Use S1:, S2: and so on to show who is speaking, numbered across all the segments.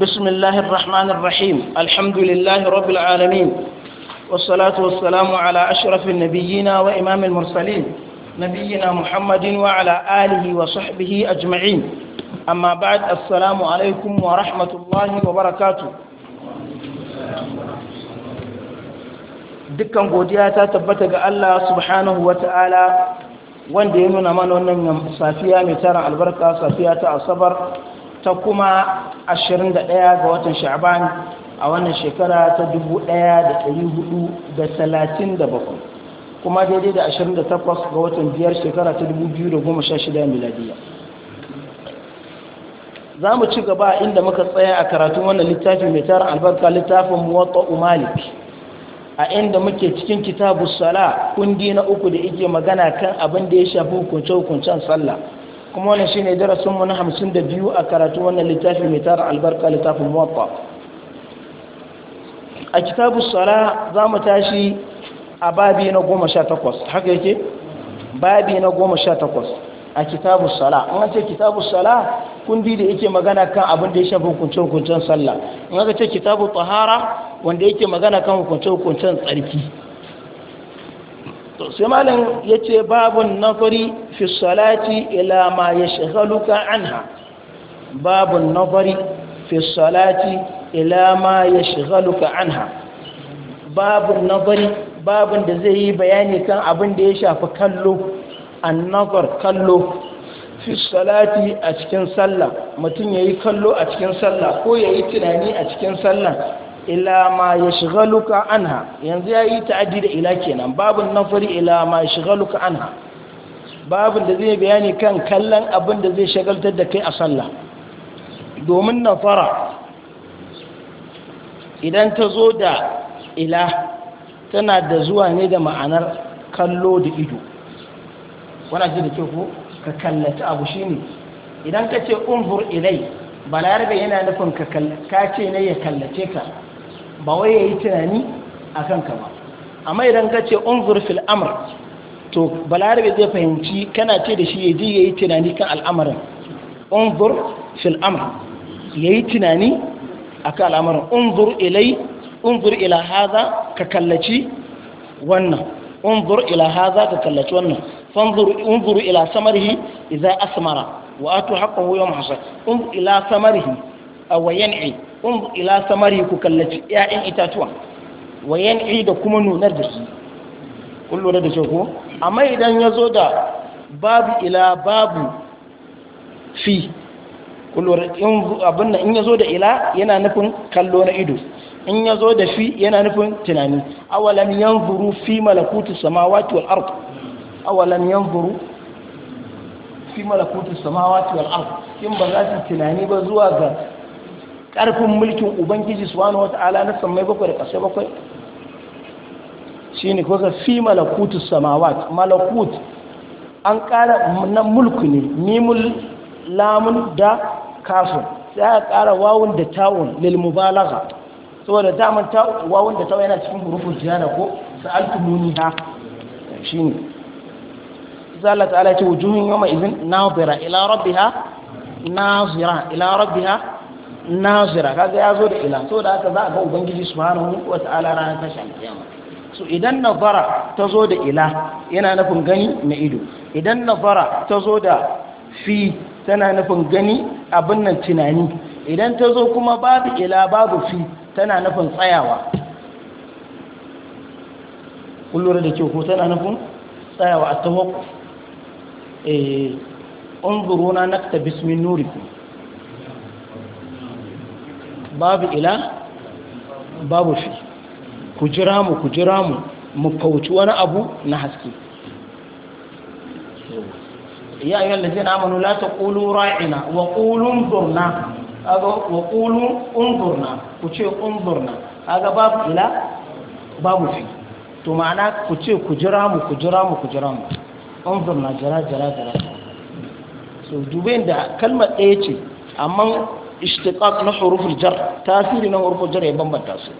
S1: بسم الله الرحمن الرحيم الحمد لله رب العالمين والصلاة والسلام على أشرف النبيين وإمام المرسلين نبينا محمد وعلى آله وصحبه أجمعين أما بعد السلام عليكم ورحمة الله وبركاته dukkan godiya تبتغ الله سبحانه وتعالى وان دينونا من wanda صافيا nuna البركة صافيا safiya ta kuma 21 ga watan sha'ban a wannan shekara ta 1437 kuma daidai da 28 ga watan biyar shekara ta 2016 miladiya za mu ci gaba inda muka tsaya a karatun wannan littafi mai tara albarka littafin muwatta umalik a inda muke cikin kitabu sala kundi na uku da ike magana kan abin da ya shafi hukunce-hukuncen sallah kuma wannan shine darasin mu na 52 a karatu wannan littafi mai tara albarka littafin muwatta a kitabu sala za mu tashi a babi na 18 haka yake babi na 18 a kitabu sala an ce kitabu sala kundi da yake magana kan abin da ya shafi hukuncin hukuncin sallah haka ce kitabu tsahara wanda yake magana kan hukuncin hukuncin tsarki to sai malam yace babu nazari fi salati ila ma yashghaluka anha babu nazari fi salati ila ma yashghaluka anha babu nazari babun da zai yi bayani kan abin da ya shafi kallo annazar kallo fi salati a cikin sallah mutum yayi kallo a cikin sallah ko yayi tunani a cikin sallah ila ma yashghaluka anha yanzu yayi ta'addi da ila kenan babun nafari ila ma yashghaluka anha babu da zai bayani kan kallon abin da zai shagaltar da kai a sallah domin nafara idan ta zo da ila tana da zuwa ne da ma'anar kallo da ido wana ce da ke ko ka kallata abu shi ne idan ka ce umfur ilai balarabe yana nufin ka ce ne ya kallace ka ba wai ya yi tunani a kanka ba amma idan ka ce unzur fil amr to balarabe zai fahimci kana ce da shi ya ji ya yi tunani kan al'amarin unzur fil amr ya yi tunani a kan al'amarin unzur ilai unzur ila haza ka kallaci wannan unzur ila haza ka kallaci wannan fanzur unzur ila samarhi idza asmara wa atu haqqahu yawm hasad unzur ila samarhi wa yan'i in ila samari ku kallaci ƴaƴan itatuwa wa yan'i da kuma nunar da su kun lura da ko amma idan ya zo da babu ila babu fi kun lura in abin nan in ya zo da ila yana nufin kallo na ido in ya zo da fi yana nufin tunani awalam yanzuru fi malakutu samawati wal awalan awalam yanzuru fi malakutu samawati wal ard kin ba za su tunani ba zuwa ga ƙarfin mulkin ubangiji subhanahu wata'ala na samai bakwai da ƙasai bakwai shine kuka fi malakutus samawat malakut an ƙara na mulku ne mimul lamun da kafin sai aka ƙara wawun da tawun lil mubalagha saboda daman wawun da tawun yana cikin hurufun jiyana ko sa'altumuni ha shine sai Allah ta'ala ya ce wujuhun yawma idhin nazira ila rabbiha nazira ila rabbiha nazira kaga yazo da ila to da haka za a ga ubangiji subhanahu wataala ta'ala ranar tashin kiyama so idan nazara ta zo da ila yana nufin gani na ido idan nazara ta zo da fi tana nufin gani abin nan tunani idan ta zo kuma babu ila babu fi tana nufin tsayawa kullum da kyau ko tana nufin tsayawa a tawakku eh unzuruna naktabis min nurikum babu ila babu fi ku jira mu ku jira mu mu kauci wani abu na haske ya ayyuhal na amanu la taqulu ra'ina wa qulu unzurna aga wa qulu unzurna ku ce unzurna aga babu ila babu fi to ma'ana ku ce ku jira mu ku jira mu ku jira mu unzurna jira jira jira so dubin da kalmar ɗaya ce amma ishtiqaq na huruful jar tasiri na huruful jar ya bambanta su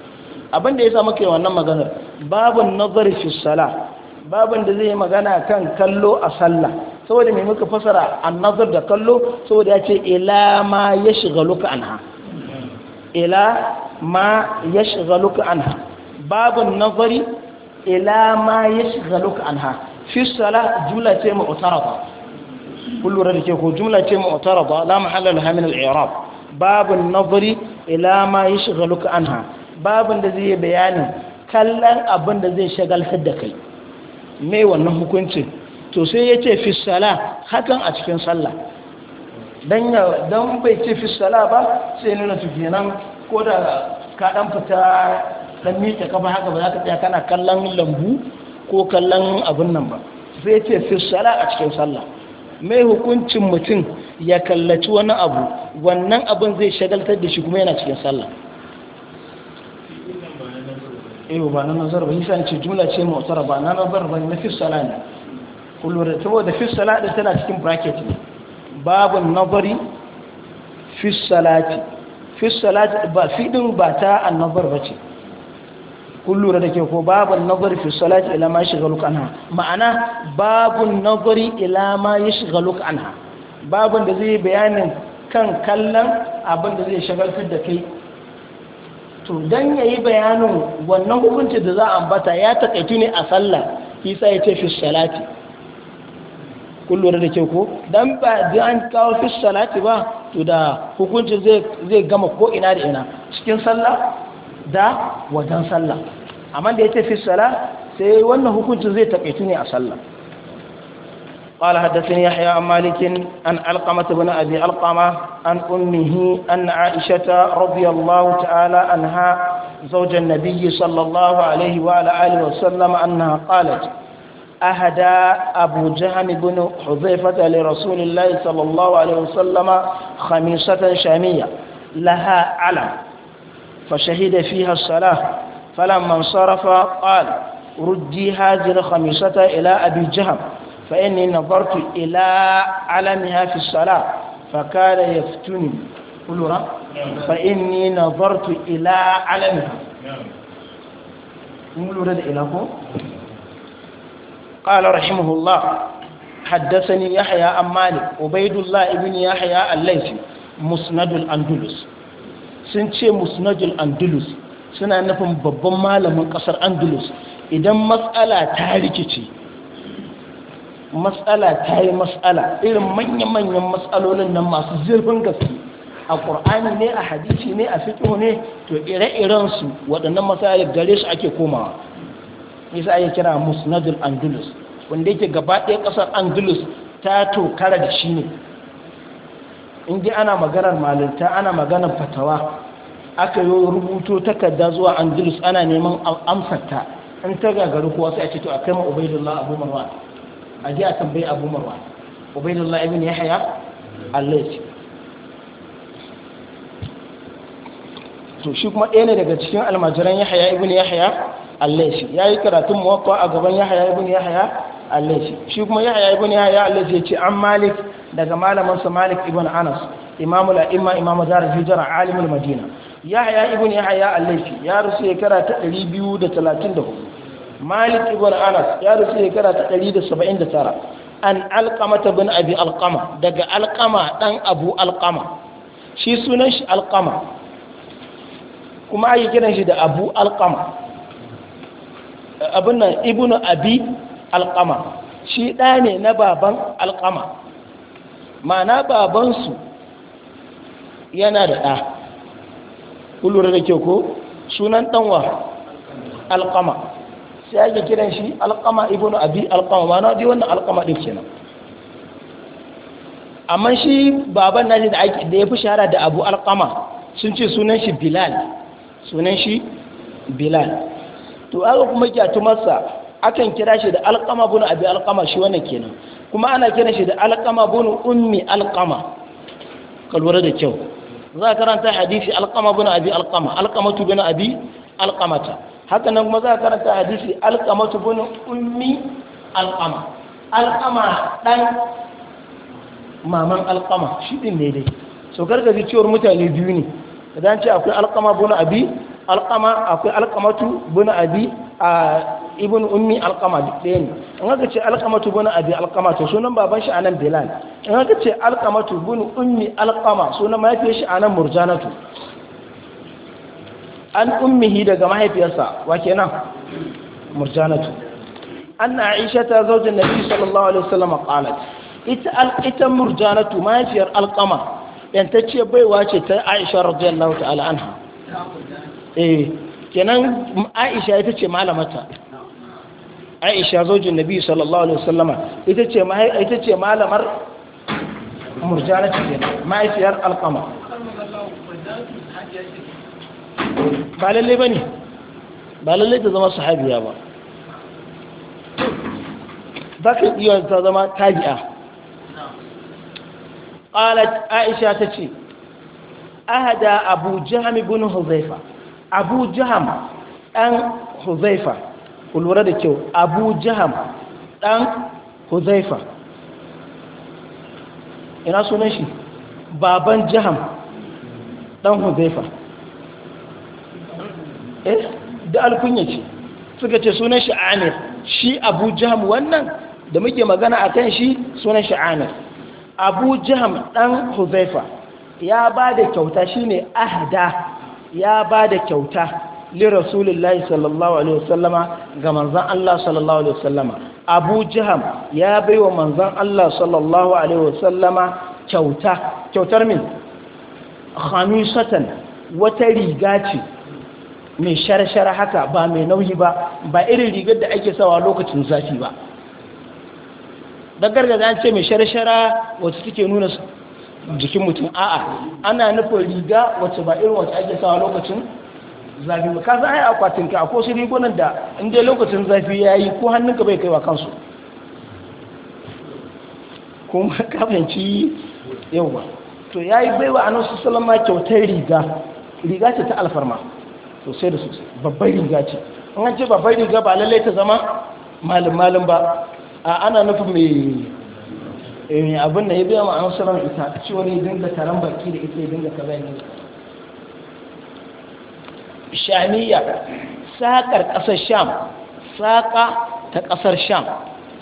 S1: abin da yasa muke wannan maganar babun nazari fi sala babun da zai magana kan kallo a sallah saboda me muka fasara an-nazar da kallo saboda ya ce ila ma ya yashghaluka anha ila ma ya yashghaluka anha babun nazari ila ma ya yashghaluka anha fi sala jumla ce mu'tarafa kullu rada ce ko jumla ce mu'tarafa la mahalla laha min al-i'rab babu nazari ila ma yashghaluka anha babu da zai bayanin kallon abin da zai shagaltar da kai mai wannan hukuncin to sai ya ce fisala hakan a cikin sallah don bai ce fisala ba sai nuna to ko da kaɗan fita dan miƙe kafa haka ba za ka tsaya kana kallon lambu ko kallon abin nan ba sai ya ce fisala a cikin sallah mai hukuncin mutum ya kallaci wani abu wannan abin zai shagaltar da shi kuma yana cikin sallah ewu eh, ba na nazar ba nisa ce jumla ce mu'tara ba na nazar ba na fi salat ne kullum da da fi salat tana cikin bracket ne babu nazari fi salati fi salati ba fi din ba ta nazar ba ce kullum da ke ko babu nazari fi salati ila ma yashghaluka anha ma'ana babu nazari ila ma yashghaluka anha babin da zai bayanin kan kallon abin da zai shagaltar da kai to don ya yi bayanin wannan hukuncin da za a ambata ya takaitu ne a sallah isa ya ce fi salati kun lura da ke ko don ba da an kawo fi ba to da hukuncin zai gama ko ina da ina cikin sallah da wajen sallah amma da ya ce fi sai wannan hukuncin zai takaitu ne a sallah قال حدثني يحيى عن مالك عن علقمة بن أبي علقمة عن أمه أن عائشة رضي الله تعالى عنها زوج النبي صلى الله عليه وعلى آله وسلم أنها قالت أهدى أبو جهم بن حذيفة لرسول الله صلى الله عليه وسلم خميصة شامية لها علم فشهد فيها الصلاة فلما انصرف قال ردي هذه الخميصة إلى أبي جهم فإني نظرت إلى علمها في الصلاة فكان يفتني قل فإني نظرت إلى علمها قل إلى هو قال رحمه الله حدثني يحيى عن مالك عبيد الله بن يحيى الليثي مسند الأندلس sun ce musnadul andalus suna nufin babban malamin kasar andalus idan matsala ta rikice matsala ta yi matsala irin manya-manyan matsalolin nan masu zirfin gaske a ƙur'ani ne a hadisi ne a fiƙo ne to ire-iren su waɗannan matsalar gare su ake komawa nisa ake kira musnadul andulus wanda yake gaba ɗaya ƙasar andulus ta tokara da shi ne inda ana maganar malinta ana maganar fatawa aka yi rubuto takarda zuwa andulus ana neman amsarta in ta gagaru kuwa sai a ce to a kai ma ubaidullah abu marwa a ji a tambayi abu marwa ubaidullah ibn yahya al-layth to shi kuma ɗaya ne daga cikin almajiran yahya ibn yahya al-layth yayi karatun muwatta a gaban yahya ibn yahya al-layth shi kuma yahya ibn yahya al-layth ya ce an malik daga malaman sa malik ibn anas imamu la'imma imamu zarar hijira alimul madina yahya ibn yahya al-layth ya rusu ya karata 234 malik ibn anas ya rasu shekara ta 179 an alqamata bin abi alqama daga alqama dan abu alqama shi sunan shi alqama kuma ake kiran shi da abu alqama abin nan ibnu abi alqama shi ɗa ne na baban alqama ma'ana babansu yana da ɗa da kyau ko sunan ɗanwa alƙama sai ake kiran shi alƙama ibn abi alƙama ma na wannan alƙama ɗin kenan amma shi baban nashi da ake da ya fi shahara da abu alƙama sun ce sunan shi bilal sunan shi bilal to aka kuma kyatumarsa akan kira shi da alƙama bunu abi alƙama shi wannan kenan kuma ana kiran shi da alƙama bunu ummi alƙama kalwara da kyau za ka karanta hadisi alƙama bunu abi alƙama alƙamatu bunu abi alƙamata haka nan kuma za a karanta hadisi alƙamatu bin ummi alƙama alƙama ɗan maman alƙama shi ɗin ne dai so gargaji cewar mutane biyu ne da ce akwai alƙama bin abi alƙama akwai alƙamatu bin abi a ibn ummi alƙama duk ɗaya ne in haka ce alƙamatu bin abi alƙama to sunan baban shi anan bilal in haka ce alƙamatu bin ummi alƙama sunan mahaifiyar shi anan murjanatu an ummihi daga mahaifiyarsa wa kenan murjanatu anna aisha ta zaujin nabi sallallahu alaihi wasallam qalat ita al ita murjanatu mahaifiyar alqama yantacce baiwa ce ta aisha radiyallahu ta'ala anha eh kenan aisha ita ce malamata aisha zaujin nabi sallallahu alaihi wasallama ita ce ita ce malamar murjanatu kenan mahaifiyar alqama ba lalle ba ne ba lalle ta zama sahabiya ba za ka iya ta zama tabi'a ƙalat aisha ta ce ahada abu jiham ibn huzaifa abu jiham ɗan huzaifa kulura da kyau abu jiham ɗan huzaifa ina sunan shi baban jiham ɗan huzaifa Eh, da alkunya ce suka ce sunan shi amir shi abu jaham wannan da muke magana a kan shi sunan shi amir abu jaham ɗan huzaifa ya ba da kyauta shi ne ahda ya ba da kyauta li rasulullahi sallallahu alaihi wasallama ga manzan Allah sallallahu alaihi wasallama abu jaham ya bai wa manzan Allah sallallahu alaihi wasallama kyauta kyautar min khamisatan wata riga ce mai shara-shara haka ba mai nauyi ba ba irin rigar da ake sawa lokacin zafi ba da za an ce mai shara-shara wacce suke nuna jikin mutum a'a ana nufin riga wacce ba irin wacce ake sawa lokacin zafi ba kasa ai akwatin ka ko su rigunan da inda lokacin zafi ya yi ko hannunka bai kai wa kansu kuma kafanci yau ba to ya yi baiwa a nasu salama kyautar riga riga ce ta alfarma sosai da sosai babbar riga ce in an ce babbar riga ba lallai ta zama malin malin ba a ana nufin mai eh, abin da ya biya ma an sanar ita cewar wani, dinga taron baki da ita dinga dinga kaza ne shaniya sakar kasar sham saka ta kasar sham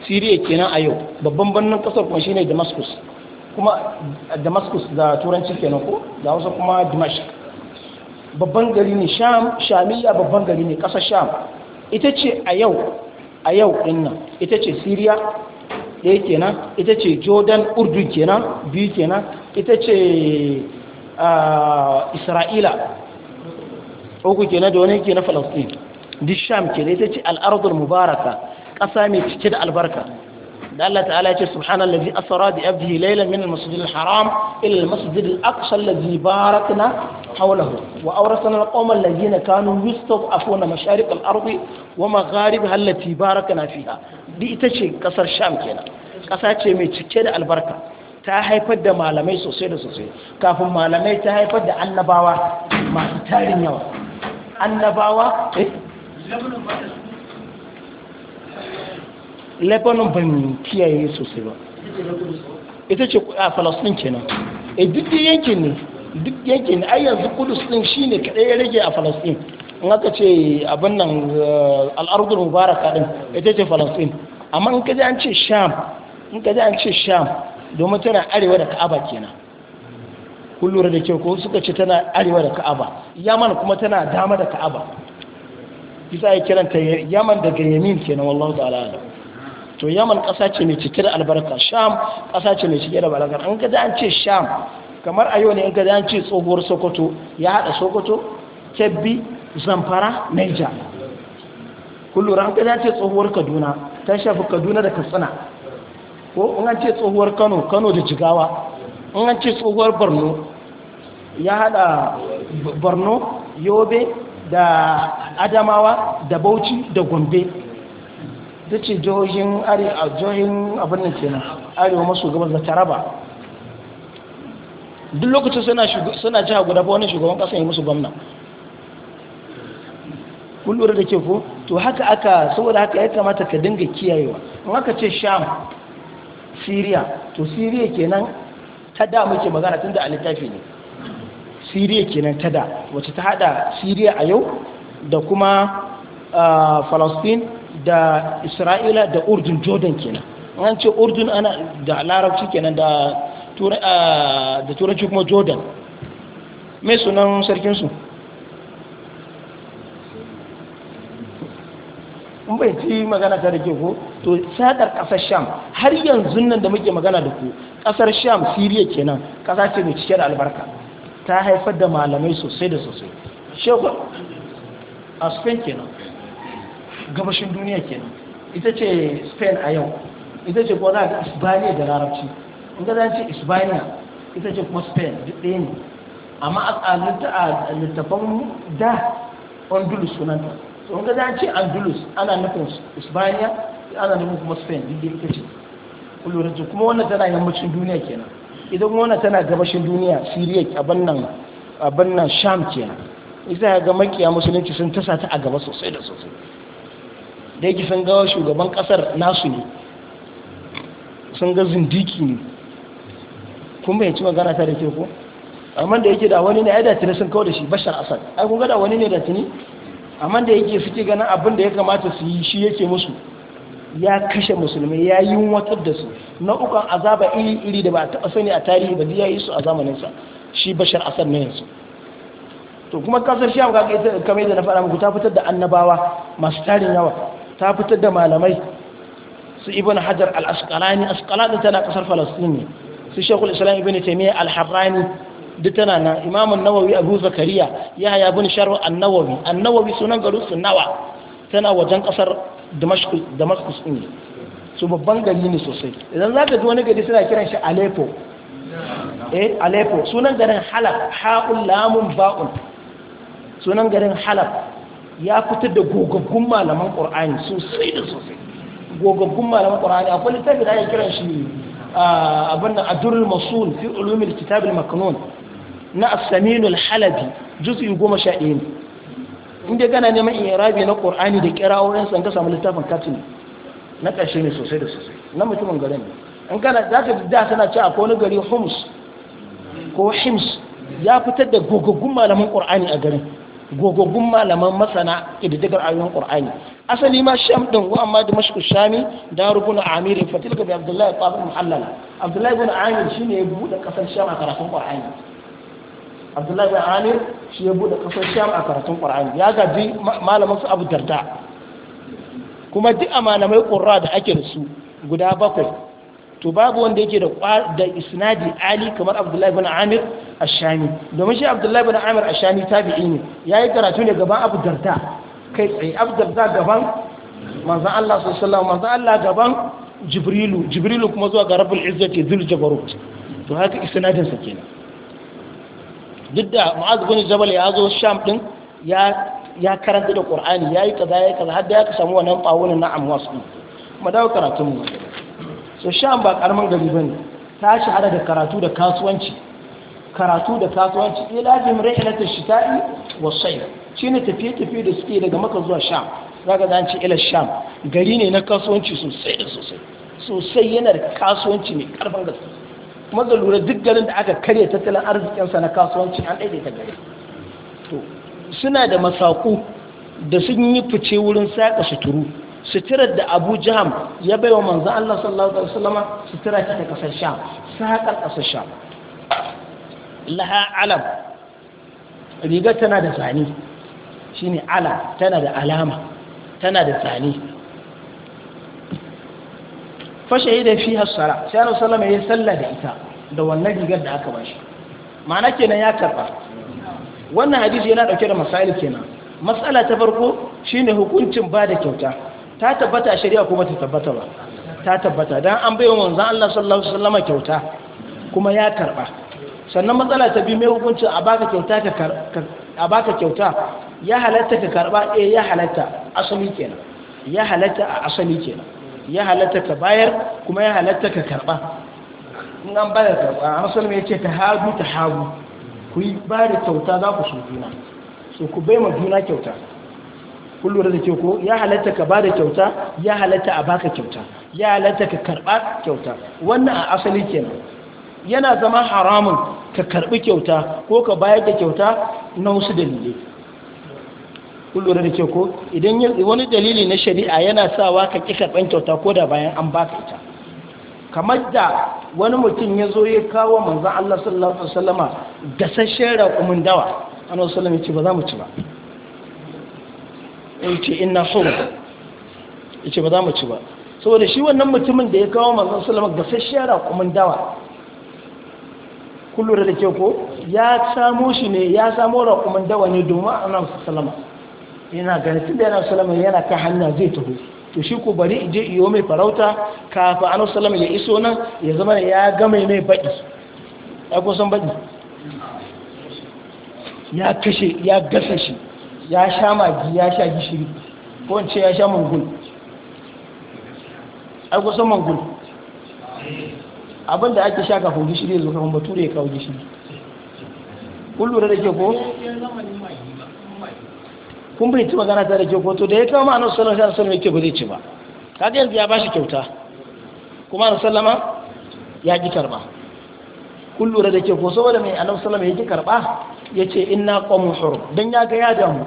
S1: siriya kenan a yau babban birnin kasar kuma shine damascus kuma damascus da turanci kenan ko da wasu kuma dimashq babban gari ne sham shamiya babban gari ne ƙasar sham ita ce a yau a yau ɗinnan ita ce syria ɗaya kenan ita ce jordan urdu kenan biyu kenan ita ce isra'ila uku kenan da wani kenan falastin duk sham kenan ita ce al'adar mubaraka ƙasa mai cike da albarka da Allah ta'ala ce subhanallazi asra bi abdihi laylan min al-masjid haram ila al-masjid aqsa allazi barakna حوله وأورثنا القوم الذين كانوا يستضعفون مشارق الأرض ومغاربها التي باركنا فيها دي إتشي قصر الشام كنا قصر مي تشكير البركة ta haifar da malamai sosai da sosai kafin malamai ta haifar da annabawa masu tarin yawa annabawa lebanon ban kiyaye sosai ba ita ce a falasdin kenan a duk yankin ne duk yake ne ai yanzu kudus din shine kaɗai ya rage a falastin in aka ce abin nan eh, al'ardul mubaraka din ita ce falastin amma in ji an ce sham in ji an ce sham domin tana arewa da ka'aba kenan kun lura da kyau ko suka ce tana arewa da ka'aba yaman kuma tana dama da ka'aba isa ya kiranta yaman daga yamin kenan wallahu ta'ala alam to yaman ƙasa ce mai cike da albarka sham ƙasa ce mai cike da albarka an ka an ce sham kamar a yau ne in ka ce tsohuwar sokoto ya haɗa sokoto kebbi zamfara naija kullum an ka ce tsohuwar kaduna ta shafi kaduna da katsina ko in an ce tsohuwar kano kano da jigawa in an ce tsohuwar borno ya haɗa borno yobe da adamawa da bauchi da gombe ta ce jihohin abin nan arewa maso gabas da taraba duk lokacin suna jiha guda ba wani shugaban kasa ya musu gwamna kun da ke ko to haka aka saboda haka ya kamata ka dinga kiyayewa in aka ce sham Siriya, to syria kenan ta da muke magana tun da a littafi ne syria kenan ta da wacce ta hada Siriya a yau da kuma Falastin da isra'ila da urdun jordan kenan an ce urdun ana da larabci kenan da da turanci kuma jordan mai sunan sarkinsu in bai ci magana ta da ke ko to sadar kasar sham har yanzu nan da muke magana da ku kasar sham siriya kenan kasa ce mai cike da albarka ta haifar da malamai sosai da sosai shekwa a spain kenan gabashin duniya kenan ita ce spain a yau ita ce ko za a ga da larabci in ga zan ce isbania ita ce kuma spain duk ɗaya ne amma a littafan da andalus sunanta so in ga zan ce andalus ana nufin isbania ana nufin kuma spain duk ɗaya ita ce kullum kuma wannan tana yammacin duniya kenan idan wannan tana gabashin duniya siriya abin nan abin nan sham kenan isa ga makiya musulunci sun tasa ta a gaba sosai da sosai da yake sun gawa shugaban kasar nasu ne sun ga zindiki ne kun bayanci magana ta da ke ko amma da yake da wani ne ai da tuni sun kawo da shi bashar asad ai kun ga da wani ne da tuni amma da yake suke ganin abin da ya kamata su yi shi yake musu ya kashe musulmai ya yi watar da su na ukan azaba iri iri da ba a taɓa sani a tarihi ba ya yi su a zamaninsa shi bashar asad na yanzu to kuma kasar amma ga kamar da na faɗa muku ta fitar da annabawa masu tarin yawa ta fitar da malamai su ibn hajar al-asqalani asqalani tana kasar falastin ne su shekul islam ibn taimiyya al duk tana na imamun nawawi abu zakariya ya haya bin sharwa an-nawawi A nawawi sunan garin su nawa tana wajen kasar damascus ne su babban gari ne sosai idan za ka ji wani gari suna kiran shi aleppo eh aleppo sunan garin halab ha'ul lamun ba'un sunan garin halab ya fitar da gogaggun malaman ƙor'ani
S2: sosai da sosai
S1: gogaggun malaman ƙor'ani akwai littafi da ake kiran shi abin adurul masul fi ulumil kitab al-maknun na as-saminul halabi juz'i 11 ne inda gana neman irabi na qur'ani da kirawoyin san ka samu littafin katin na ƙarshe ne sosai da sosai na mutumin garin ne in gana za ka da tana ce ko wani gari homs ko hims ya fitar da gogogun malamin qur'ani a garin gogogun malaman masana ƙididdigar ayoyin ƙur'ani asali ma sham ɗin wa amma da mashku shami da rubuna amiri fatilka bi abdullahi tsabin muhallal abdullahi bin amir shi ne ya buɗe ƙasar sham a karatun ƙur'ani abdullahi bin amir shi ya buɗe ƙasar sham a karatun ƙur'ani ya gaji malaman su abu darda kuma duk a malamai ƙurra da ake da su guda bakwai to babu wanda yake da isnadi ali kamar abdullahi bin amir ashami domin shi abdullahi bin amir ashami tabi'i ne ya yi karatu ne gaban abu darda kai tsaye abu darda gaban manzan allah sosai manzan allah gaban jibrilu jibrilu kuma zuwa ga rabbul izzati zul jabarut to haka isnadin sa kenan duk da mu'az bin jabal ya zo sham din ya ya karanta da qur'ani yayi kaza yayi kaza har da ya samu wannan bawunan na amwas din mu dawo karatun mu so sham ba karaman gari bane ta shahara da karatu da kasuwanci karatu da kasuwanci ila jimre ila ta shita'i wa shi ne tafiye tafiye da suke daga maka zuwa sham Za ka za ce ila sham gari ne na kasuwanci sosai da sosai sosai yana da kasuwanci mai karfin gaske kuma da lura duk garin da aka karya tattalin arzikinsa na kasuwanci an ta gari to suna da masaku da sun yi fice wurin saka suturu suturar da abu jiham ya bai wa manzan Allah sallallahu Alaihi wasallama sutura ta kasar sham saƙar kasar sham laha alam rigar tana da zane shine ala tana da alama tana da zane fashe da fi hassara sai annabi sallama ya salla da ita da wannan rigar da aka bashi ma'ana kenan ya karba
S2: wannan hadisi yana dauke da masail
S1: kenan matsala ta farko shine hukuncin ba da kyauta ta tabbata shari'a kuma ta tabbata ba ta tabbata don an bai wa manzon Allah sallallahu alaihi kyauta kuma ya karba sannan matsala ta biyu mai hukuncin a baka kyauta kyauta ya halatta ka karba eh ya halatta asali kenan ya halatta a asali kenan ya halatta ka bayar kuma ya halatta ka karba in an bada karba a asali mai ce ta hagu ta hagu ku yi ba kyauta za ku so juna so ku bai ma juna kyauta kun lura da ko ya halatta ka ba kyauta ya halatta a baka kyauta ya halatta ka karba kyauta wannan a asali kenan yana zama haramun ka karbi kyauta ko ka bayar da kyauta na wasu dalilai kullum da ke ko idan wani dalili na shari'a yana sawa ka ki karban kyauta ko da bayan an ba ka ita kamar da wani mutum ya zo ya kawo manzan Allah sallallahu alaihi wasallama gasashen raƙumin dawa an wasu sallama ce ba za mu ci ba ya ce ina so ya ce ba za mu ci ba saboda shi wannan mutumin da ya kawo manzan sallama gasashen raƙumin dawa kullum da ke ko ya samo shi ne ya samo raƙumin dawa ne domin su salama yana ganin tun da yana salama yana ka hanya zai taho to shi ko bari je iyo mai farauta kafa annabi salama ya iso nan ya zama ya gama mai baɗi ya kusan baɗi ya kashe ya gasa shi ya sha magi ya sha gishiri ko ce ya sha mangul ai kusan mangul abin da ake sha kafin gishiri yanzu zo kafin bature ya kawo gishiri kun lura da ke ko kun bai ci magana ta da ke ko to da ya kawo ma'anar sallallahu alaihi wasallam yake ba zai ci ba kaga yanzu ya bashi kyauta kuma na sallama ya ki karba kun lura da ke ko saboda mai nan sallama ya ki karba ya ce ina kwamun hurum don ya ga ya damu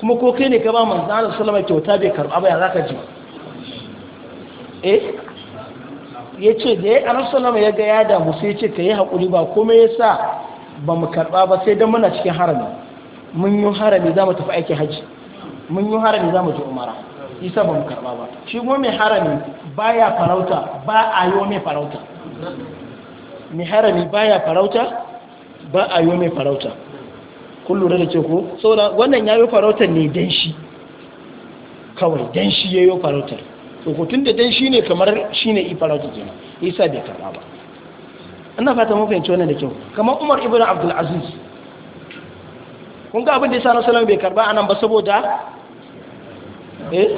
S1: kuma ko kai ne ka ba manzo Allah sallama kyauta bai karba ba ya za ka ji eh ya ce da ya arasalama ya ga ya damu sai ce ka yi haƙuri ba kuma ya sa ba mu karɓa ba sai don muna cikin harami mun yi harami za mu tafi aikin hajji mun yi harami za mu ji umara isa ba mu karɓa ba shi kuma mai harami ya farauta ba a yi mai farauta mai harami ba ya farauta ba a yi mai farauta kun lura da ce ko saboda wannan ya yi farautar ne don shi kawai don shi ya yi farautar to hutun da dai shine kamar shine ifaratu kenan isa bai karba ba ina fata mun fahimci wannan da kyau kamar Umar ibn Abdul Aziz kun ga abin da yasa Rasulullah bai karba anan ba saboda eh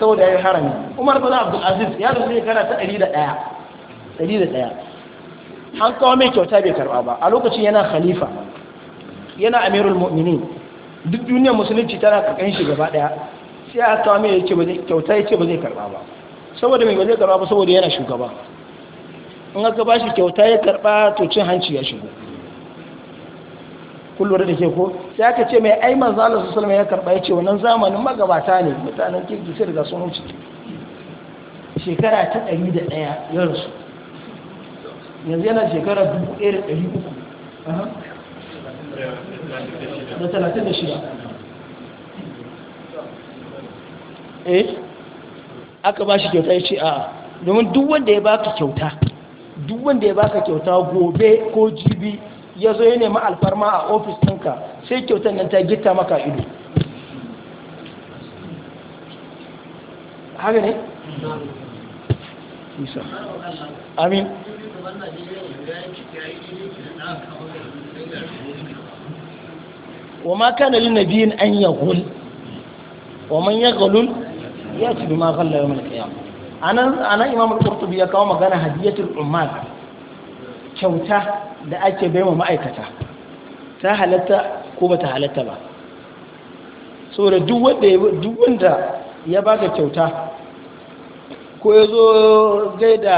S1: saboda ya harami Umar ibn Abdul Aziz ya rubuta kana ta 101 101 an kawo mai kyauta bai karba ba a lokacin yana khalifa yana amirul mu'minin duk duniyar musulunci tana kakan shi gaba daya sai a kawo mai yake ba kyauta yake ba zai karba ba saboda mai ba zai karba ba saboda yana shugaba in aka ba shi kyauta ya karba to cin hanci ya shigo kullum da ke ko sai aka ce mai ai manzo Allah sallallahu alaihi ya karba yace wannan zamanin magabata ne mutanen kirki sai daga sun wuce shekara ta 101 ya rasu yanzu yana shekara 1300
S2: da 36
S1: eh aka ba shi kyauta ya ce a domin duk wanda ya baka kyauta duk wanda ya baka kyauta gobe ko jibi ya zo ya nemi alfarma a ofis ɗinka sai kyautar nan ta gita maka ido
S2: haka ne? amin
S1: wa ma kana lin nabiyin an yagul wa man yagulun ya ci bima ghalla yawm al-qiyam anan anan imam al-qurtubi ya kawo magana hadiyatul ummal kyauta da ake bai ma ma'aikata ta halatta ko ba ta halatta ba saboda duk wanda duk wanda ya baka kyauta ko ya zo gaida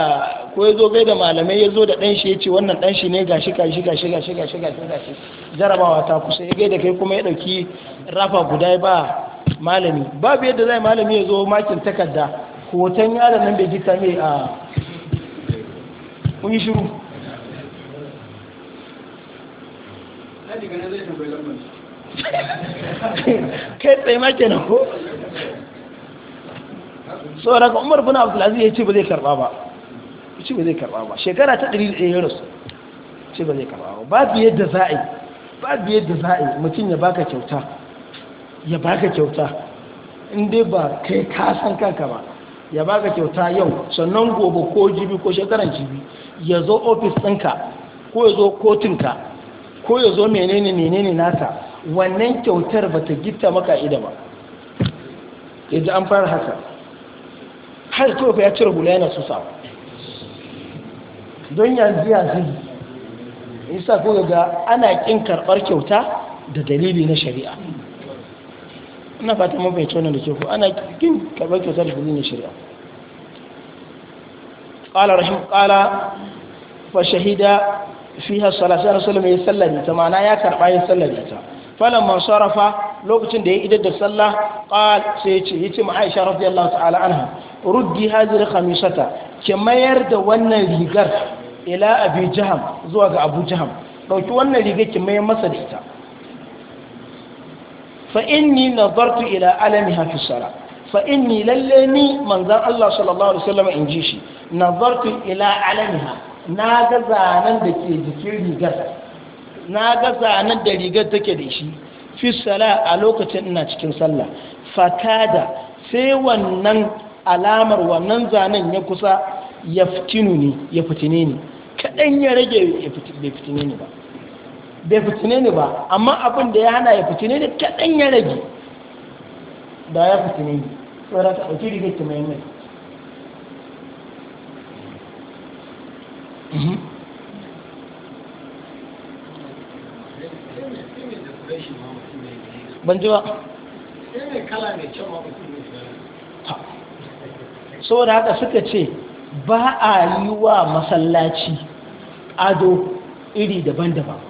S1: ko ya gaida malamai ya zo da ɗan shi ya ce wannan ɗan shi ne gashi gashi gashi gashi gashi gashi gashi jarabawa ta kusa ya gaida kai kuma ya ɗauki rafa guda ba malami babu yadda zai malami ya zo makin takarda hoton yaron nan bai gita mai a kun yi shiru
S2: kai tsaye ma kenan ko
S1: saboda ka umar bin abdulaziz ya ce ba zai karba ba ce ba zai karba ba shekara ta 100 ya ce ba zai karba ba babu yadda za'a yi babu yadda za'a yi mutum ya baka kyauta ya baka kyauta in dai ba kai kasan kanka ba ya baka kyauta yau sannan gobe ko jibi ko shekaran jibi ya zo ofis ɗinka ko ya zo kotunka ko ya zo menene menene nata wannan kyautar ba ta gita maka ida ba yanzu an fara haka har kyau ya cire hula yana sa don yanzu ya zai isa ko ga ana ƙin karɓar kyauta da dalili na shari'a ina fata mun fahimci da ke ku ana kin karɓar kyautar da ne shari'a qala rahim qala fa shahida fiha salatu rasulullah ya sallami ta mana ya karɓa ya da ta Falon man sarafa lokacin da ya idar da sallah qal sai ya ce yace ma Aisha radiyallahu ta'ala anha ruddi hadhihi khamisata ke mayar da wannan rigar ila abi jaham zuwa ga abu jaham dauki wannan rigar ki mayar masa da ita fa inni nazartu ila alamiha fi sala fa inni lalle ni manzan Allah sallallahu alaihi wasallam in ji shi nazartu ila alamiha na ga zanan da ke jikin rigar na ga zanen da rigar take da shi fi sala a lokacin ina cikin sallah fakada sai wannan alamar wannan zanen ya kusa ya fitinu ne ya fitine ya rage ya fitine ba bai cine ni ba amma abin da ya hana ya cine ne kaɗan ya rage da ya cine ne tsara ta ɗauki rigar ta mai mai mhm. ban ji ba da haka suka ce ba a yi wa masallaci ado iri daban-daban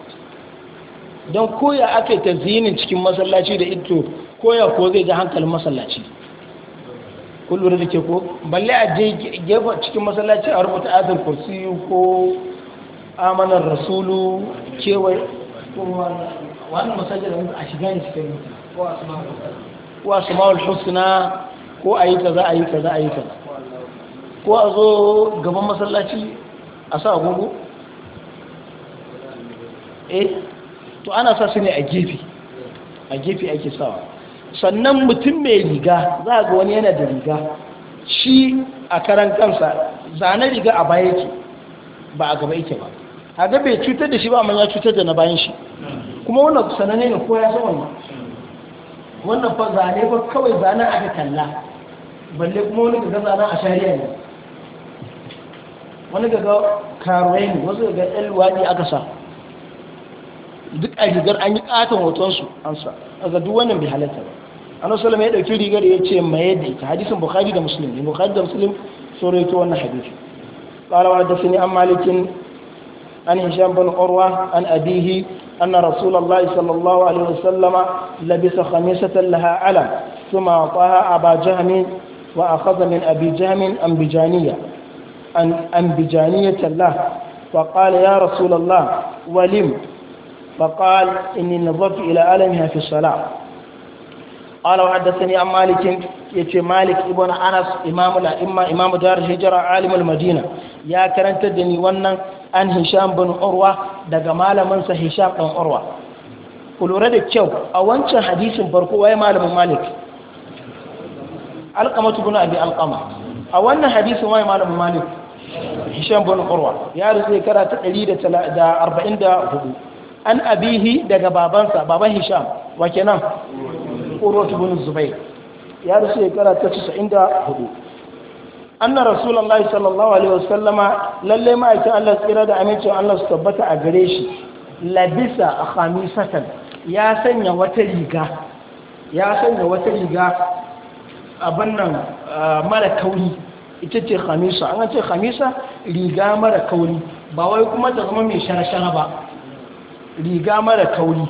S1: don koya aka yi zinin cikin masallaci da ito koya ko zai ji hankalin masallaci kullum da ke ko balle a je gefa cikin masallaci a rubuta azal kursi ko amanar rasulu kewaye wani masajin da a shiga ne cikin ko a samawar husna ko a yi za a yi za a yi ta ko a zo gaban masallaci a sa agogo eh to ana sa su ne a gefe a gefe ake sawa sannan mutum mai riga za ga wani yana da riga shi a karan kansa zane riga a baya yake ba a gaba yake ba a bai cutar da shi ba amma ya cutar da na bayan shi kuma wannan sananne ne ko ya san wannan wannan fa zane ba kawai zane aka kalla balle kuma wani gaga zane a shari'a ne wani gaga karuwa ne wasu gaga yan luwaɗi aka sa duk a rigar an yi katon hotonsu an sa a duk wannan bai halatta ba annan salama ya ɗauki rigar ya ce maye da ita hadisin bukhari da muslim ne bukhari da muslim sun rawaito wannan hadisi qala da sani an malikin an hisham bin urwa an abihi anna rasulullahi sallallahu alaihi wasallama labisa khamisatan laha ala thumma ataha aba jahmi wa akhadha min abi jahmi an bijaniya an an bijaniyatan lah wa qala ya rasulullah walim فقال إني نظرت إلى ألمها في الصلاة قال وحدثني عن مالك يتي مالك ابن أنس إمام الأئمة إمام دار الهجرة عالم المدينة يا كرنت دني ونن أن هشام بن عروة دقا مال منسى هشام بن عروة قلوا ردك شو أولا حديث بركو وي مال مالك alƙama tukuna abi alƙama a wannan hadisin wai malamin malik hisham bin urwa ya rasu shekara ta 144 an abihi daga babansa baban hisham wa kenan urwatu bin zubair ya rasu shekara ta 94 anna rasulullahi sallallahu alaihi wasallama lalle ma ake Allah tsira da amincin Allah su tabbata a gare shi labisa a khamisatan ya sanya wata riga ya sanya wata riga abin nan mara kauri ita ce khamisa an ce khamisa riga mara kauri ba wai kuma ta zama mai shara-shara ba riga mara kauri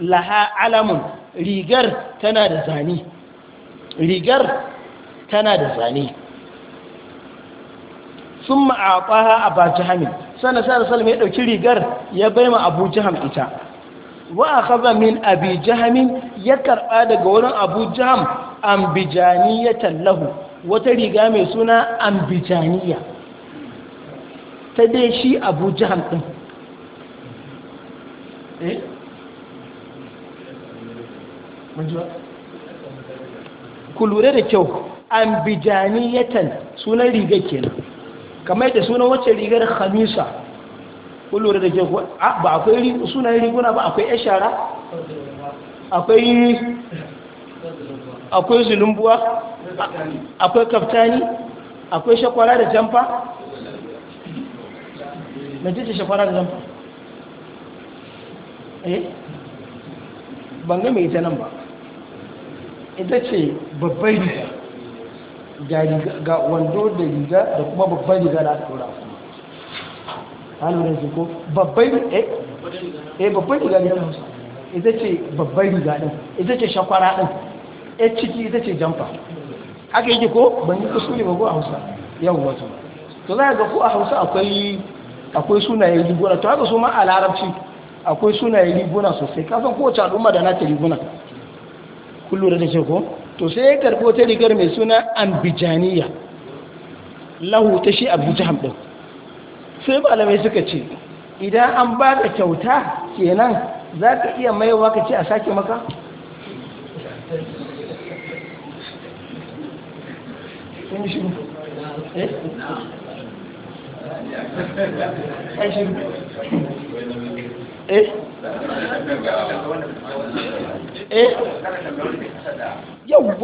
S1: laha alamun rigar tana da zane rigar tana da zane sun ma'aƙwaha a ba jihamin sannan salama ya ɗauki rigar ya bai ma abu jiham ita wa a kaza min abi jihamin ya karɓa daga wurin abu jiham ambijaniya tallahu wata riga mai suna ambijaniya ta dai shi abu jiham ɗin Eh? ku lura da kyau ambijaniyatan sunan rigar kenan kamar da sunan wacce rigar hamisa ku lura da kyau ah, ba akwai sunan riguna ba akwai ashara akwai
S2: akwai zulumbuwa akwai kaftani akwai shakwara da jamfa
S1: na ce shakwara da jamfa eh ban ga mai ita nan ba ita ce babbar riga ga ga wando da riga da kuma babbar riga da aka dora halin su ko babbar eh eh babbar riga ne ita ce babbar riga din ita ce shakwara ɗin, eh ciki ita ce jamfa aka yi ko ban yi ne ba ko a Hausa yau wato to za ga ko a Hausa akwai akwai sunaye riguna to haka su ma a larabci akwai sunaye riguna sosai kasan kowace al'umma da nata riguna kun lura da ke ko to sai ya karɓo ta rigar mai suna ambijaniya lahu ta shi abuja hamɗin sai malamai suka ce idan an ba ka kyauta kenan za ka iya maiwa ka ce a sake maka
S2: Thank you. eh eh
S1: yawwa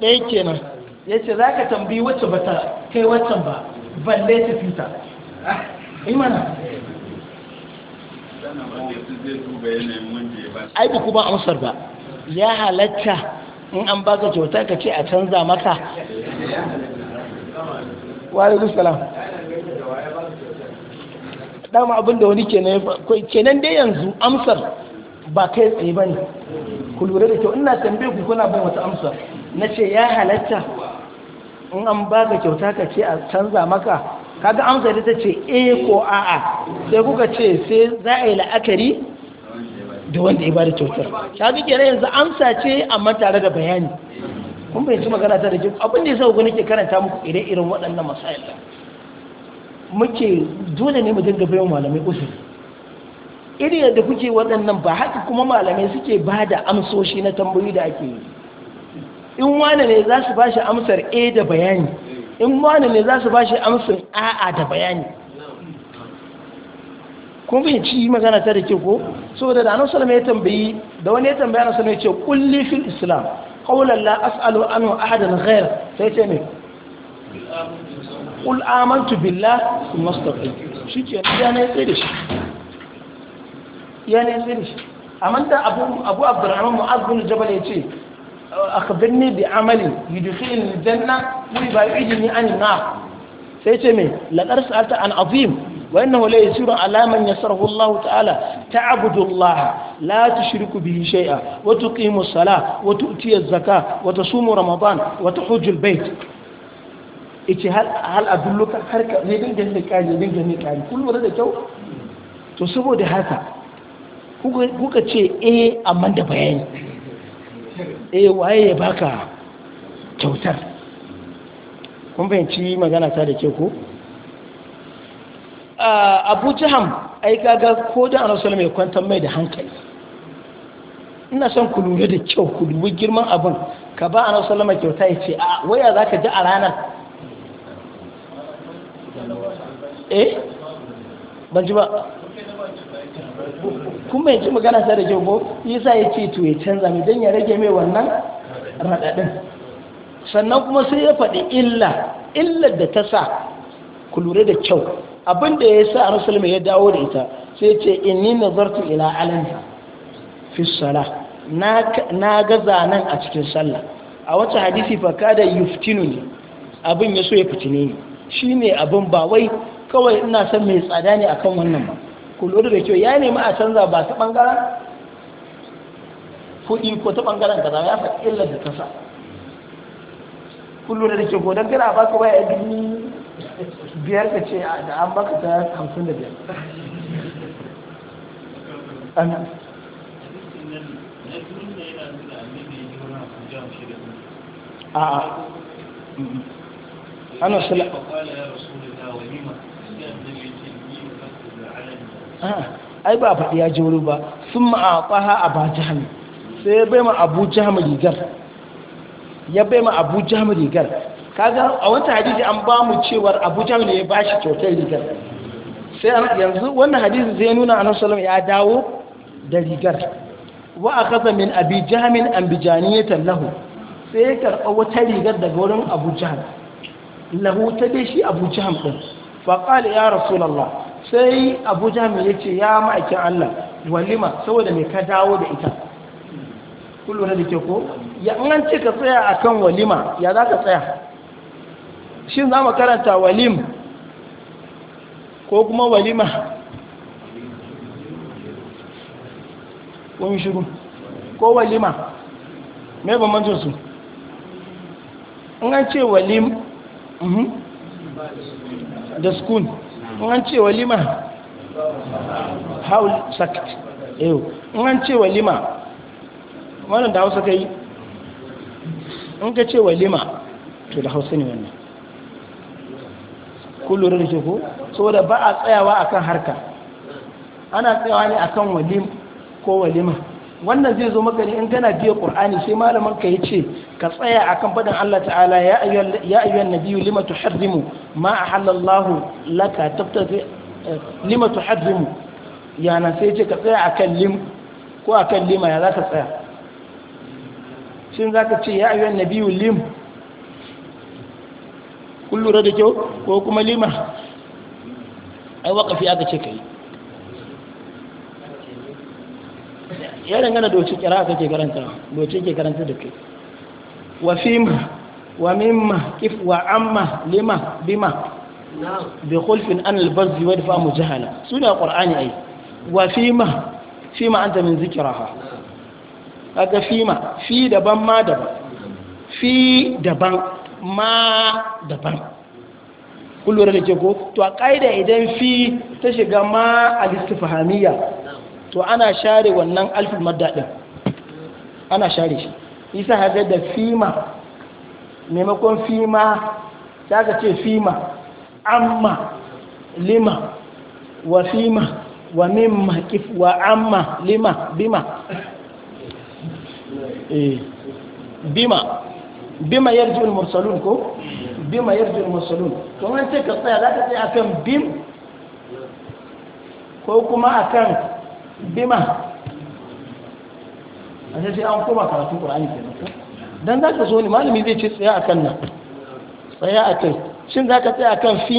S1: ɗaya kenan ya ce za ka tambayi wacce ba ta kai waccan ba balle ta fita imana
S2: eh ai ba kuma amsar ba
S1: ya halatta in an baka kyauta ka ce a canza maka
S2: wa alaikum salam
S1: dama abin da wani kenan dai yanzu amsar ba kai tsaye ba ne ku lura da kyau ina tambaye ku kuna bin wata amsa na ce ya halatta in an ba ga kyauta ka ce a canza maka kaga amsa ta ce eh ko a'a sai kuka ce sai za a yi la'akari da wanda ya ba da kyautar fi kenan yanzu amsa ce amma tare da bayani kun bayyanci magana ta da kyau abin da ya sa ku nake karanta muku ire-iren waɗannan masayar muke dole ne mu dinga bayan malamai uzuri iri yadda kuke waɗannan ba haka kuma malamai suke ba da amsoshi na tambayi da ake yi in wane ne za su ba shi amsar a da bayani in wane ne za su ba shi amsar a'a da bayani kun fahimci magana ta da ke ko saboda da annabi salama ya tambayi da wani ya tambaya na sallallahu ya ce kulli fil islam kawulalla as'alu anu ahadan ghair sai ce ne qul amantu billah thumma astaqim shikenan ya ne sai da shi ya ne sai da shi amma da abu abu abdurrahman mu'adh bin jabal yace akhbirni bi amali yi yudkhilni ba yi yubaidni an na sai ce mai laqad sa'alta an azim wa innahu la yasiru ala man yasarahu Allah ta'ala ta Allah la tushriku bihi shay'a wa tuqimu as-salah wa tu'ti az-zakah wa tasumu ramadan wata tahujju al ice hal a dulluka har ka ne dangane ne kari ne dangane da kari kun lura da kyau to saboda haka kuka ce eh amma da bayani eh waye ya baka kyautar kun fahimci magana ta da ke ku? abu jiham ai gaga ko da ana sula mai kwantar mai da hankali ina son ku lura da kyau ku dubi girman abin ka ba ana sula mai kyauta ya ce a waya za ka ji a ranar
S2: eh ban ji ba Kuma ya ci
S1: magana ta da kyau isa ya ce to ya canza mai don ya rage mai wannan raɗaɗin sannan kuma sai ya faɗi illa illar da ta sa ku lura da kyau abinda ya sa rasulma ya dawo da ita sai ce inni nazartu ila alanta fisala na ga zanen a cikin sallah a wata hadisi fa kada yuftinu ne abin ya so ya fitine ne shine abin ba wai kawai ina son mai tsada ne akan wannan ba ku lura da kyau ya nemi a canza ba ta bangaren kuɗi ko ta bangaren kaza ya faɗi illar da ta sa ku lura da kyau ko don kana ba ka waya dubu biyar ka ce da an baka ta hamsin da biyar ana
S2: a'a ana sallah
S1: Ah, ai ba faɗi ya jiro ba sun ma'aƙaha a ba jihami sai ya bai ma abu jihami rigar ya bai ma abu jihami rigar kaga a wata hadisi an ba mu cewar abu jihami ne ya ba shi kyautar rigar sai yanzu wannan hadisi zai nuna anan salam ya dawo da rigar wa kasa min abi min an ya tallahu sai ya karɓa wata rigar daga wurin abu lahu ta dai shi abu jahal faƙali ya rasu lallah sai abu jami ya ce ya ma'aikin allah walima saboda mai ka dawo da ita kullum da ke ko ya an ce ka tsaya a kan walima ya za ka tsaya shin za mu karanta walim ko kuma walima kun shiru ko walima mai bambancin su an ce walim da sukun an ce walima haul sakit ewu an ce walima wannan da hausa kai in ka ce walima to da hausa ne wannan kullum da ke ko saboda ba a tsayawa akan harka ana tsayawa ne akan walim ko walima wannan zai zo maka ne in kana biya qur'ani sai malaman ka yace ka tsaya akan faɗin Allah ta'ala ya ayyuhan ya ayyuhan nabiyyu lima tuharrimu ma ahallallahu laka tabtati eh, lima tuharrimu ya na sai yace ka tsaya akan lim ko akan lima ya zaka tsaya shin zaka ce ya ayyuhan nabiyyu lim kullu da kyau ko kuma lima ai waqafi aka ce kai
S2: ya dangana da wace kira
S1: kake karanta da wace ke karanta da kai wa fima wa mimma kif wa amma lima bima bi khulfin an al-bazzi wa dafa mujahala suna qur'ani ai wa fima fima anta min zikraha kaga fima fi daban ma daban fi daban ma daban kullum da ke ko to a ƙa'ida idan fi ta shiga ma al-istifhamiyya to ana share wannan alfil madda ana share shi isa haza da fima maimakon fima ta ka ce fima amma lima wa fima wa mimma kif wa amma lima bima eh bima bima yarjul mursalun ko bima yarjul mursalun to an ce ka tsaya za ka tsaya akan bim ko kuma akan bima a sai an koma karatun ƙur'ani ke nufin don za ka zo ne malami zai ce tsaye a kan nan tsaye a kai shin za ka tsaya a kan fi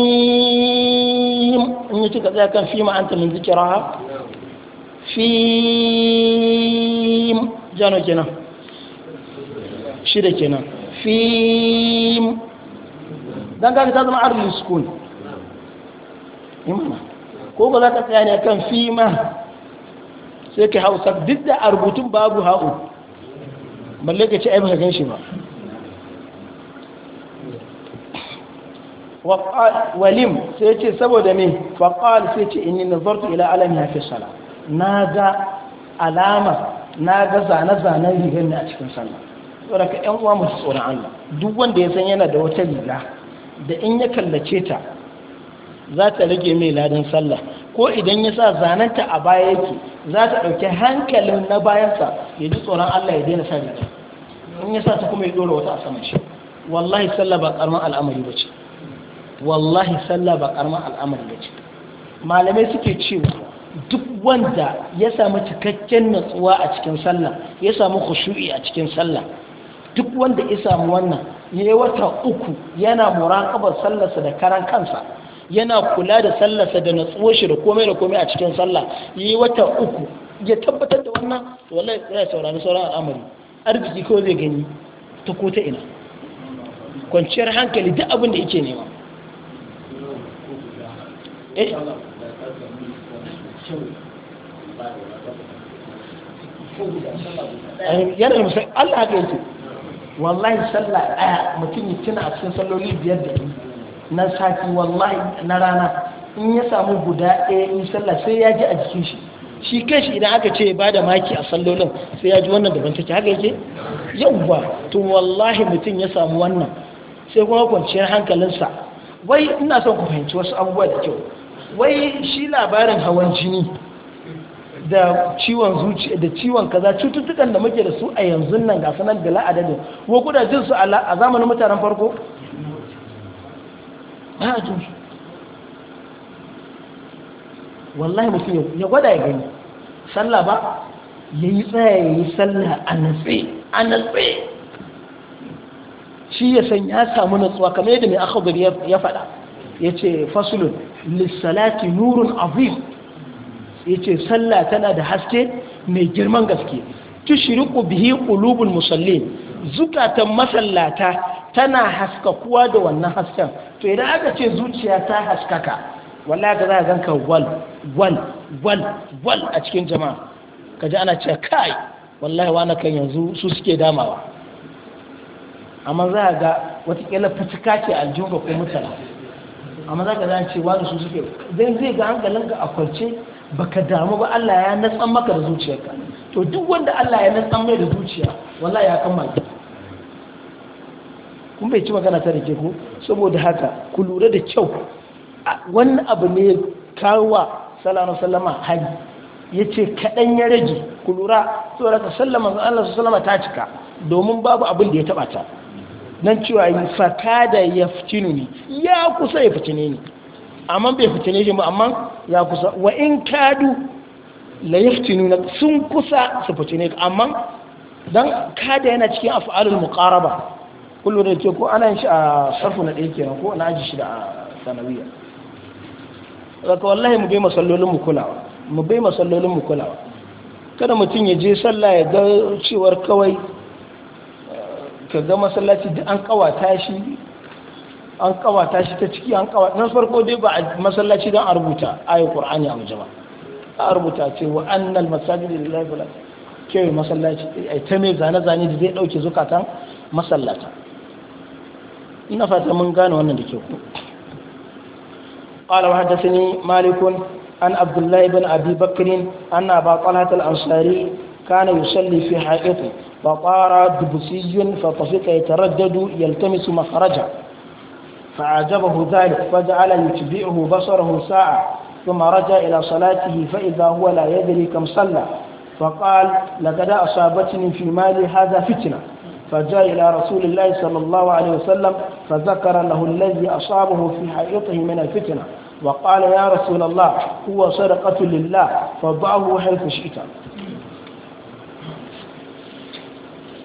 S1: in yi cika tsaya a kan fi an tamin zikira ha fi jano kenan shida kenan fi don ka ta zama arziki sukun imana ko ba za ka tsaya ne a kan fi ma sai ka hausa duk da a rubutun babu ha'u balle ka ce ai baka ba walim sai ce saboda me faƙal sai ce inni zartu ila alam ya fi sala na ga alama na ga zane-zanen rigar ne a cikin sallah tsoron ka ƴan uwa masu tsoron Allah duk wanda ya san yana da wata riga da in ya kallace ta za ta rage mai ladin sallah ko idan ya sa zananta a baya yake za ta ɗauki hankalin na bayansa ya ji tsoron Allah ya daina sa da in ya sa ta kuma ya ɗora wata a saman shi wallahi sallah ba ƙarman al'amari ba ce wallahi sallah ba ƙarman al'amari ba ce malamai suke cewa duk wanda ya samu cikakken natsuwa a cikin sallah ya samu khushu'i a cikin sallah duk wanda ya samu wannan ya yi wata uku yana muraƙabar sallarsa da karan kansa yana kula da sallarsa da natsuwar shi da komai da komai a cikin sallah yi wata uku ya tabbatar da wannan wallahi ya saurari sauran al'amari arziki ko zai gani ta ko ta ina
S2: kwanciyar hankali duk abin da yake nema eh yana musa Allah haka yake
S1: wallahi sallah ɗaya mutum yi tuna a cikin salloli biyar da biyu na sati wallahi na rana in ya samu guda ɗaya in sallah sai ya ji a jikin shi shi kai shi idan aka ce ba da maki a sallolin sai ya ji wannan daban take haka yake ba to wallahi mutum ya samu wannan sai kuma kwanciyar hankalinsa wai ina son ku fahimci wasu abubuwa da kyau wai shi labarin hawan jini da ciwon zuciya da ciwon kaza cututtukan da muke da su a yanzu nan ga sanar da la'adadin ko kuna jin su a zamanin mutanen farko wallahi mutum ya gwada ya gani sallah ba ya yi tsaya ya yi sallah a natsi a natsi shi ya san ya samu natsuwa kamar yadda mai akhbar ya faɗa ya ce fasulun lissalati nurun azim ya ce sallah tana da haske mai girman gaske tushriqu bihi qulubul musallin zukatan masallata tana haskakuwa da wannan hasken to idan aka ce zuciya ta haskaka wallahi ka za ka ganka wal wal wal wal a cikin jama'a ka ji ana ce kai wallahi wani kan yanzu su suke damawa amma za a ga watakila fitika ce aljihun ko mutala amma za ka zan ce wani su suke zai zai ga ka a kwance baka damu ba Allah ya natsan maka da zuciyarka to duk wanda Allah ya natsan mai da zuciya wallahi ya kammala kun bai ci magana ta da ke ku saboda haka ku lura da kyau wani abu ne kawowa salama salama hajji ya ce kaɗan ya rage ku lura saboda ka sallama Allah salama ta cika domin babu abin da ya taɓa ta nan cewa yi faka da ya fi ne ya kusa ya fi ne amma bai fitine shi ba amma ya kusa wa in kadu la ya fi na sun kusa su fitine amma don kada yana cikin af'alul muqaraba kullum da ke ko ana yin shi a sarfu na ɗaya kenan ko na aji shi da a sanawiya zaka wallahi mu bai masallolin mu kulawa mu bai masallolin mu kulawa kada mutum ya je sallah ya ga cewar kawai eh, ka ga masallaci duk an kawata shi an kawata shi ta ciki an kawata na farko dai ba masallaci don a rubuta ayin qur'ani a majama a rubuta ce wa annal masajid lillahi fala ke masallaci ai ta me zane zane da zai dauke zukatan masallata ina fata mun gane wannan da قال وحدثني مالك عن عبد الله بن أبي بكر أن أبا طلحة الأنصاري كان يصلي في حائطه فطار دبسي فطفق يتردد يلتمس مخرجا فعجبه ذلك فجعل يتبعه بصره ساعة ثم رجع إلى صلاته فإذا هو لا يدري كم صلى فقال لقد أصابتني في مالي هذا فتنة فجاء إلى رسول الله صلى الله عليه وسلم فذكر له الذي أصابه في حيطه من الفتنة وقال يا رسول الله هو صدقة لله فضعه حيث شئت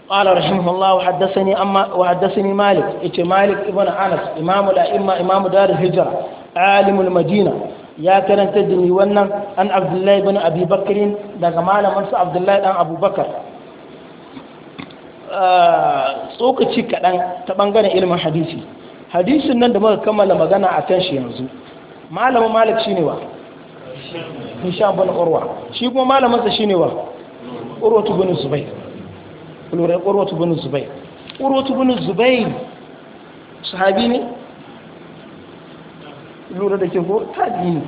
S1: قال رحمه الله وحدثني أما وحدثني مالك إتي مالك ابن أنس إمام الأئمة إمام دار الهجرة عالم المدينة يا كرنت الدنيا ونن أن عبد الله بن أبي بكر دغ مال منس عبد الله بن أبو بكر tsokaci kaɗan ta ɓangaren ilimin hadisi hadisin nan da muka kammala magana a kan shi yanzu malamin malik shi ne wa hisham bin urwa shi kuma malamansa shi ne wa urwatu bin zubai lura urwatu bin zubai urwatu bin zubai sahabi ne lura da ke ta ne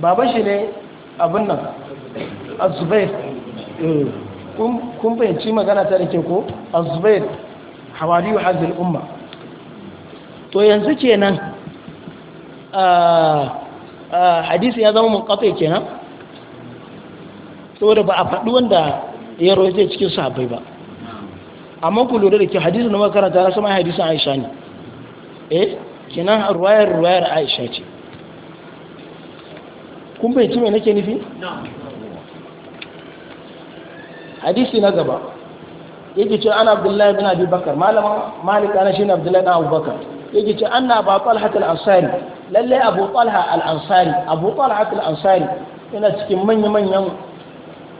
S1: baban shi ne abin nan a zubai eh. kun fahimci magana ta da ke ko azubair hawari wa hazil umma to yanzu kenan hadisi ya zama munkatai kenan saboda ba a faɗi wanda ya roje cikin sahabbai ba amma ku lura da ke hadisi na makaranta na sama hadisin aisha ne eh kenan ruwayar ruwayar aisha ce kun fahimci mai nake nufi hadisi na gaba yake ce ana abdullahi bin abi bakar malama malika na shine abdullahi bin abu bakar yake ce anna ba talha al-ansari lalle abu talha al-ansari abu talha al-ansari yana cikin manya manyan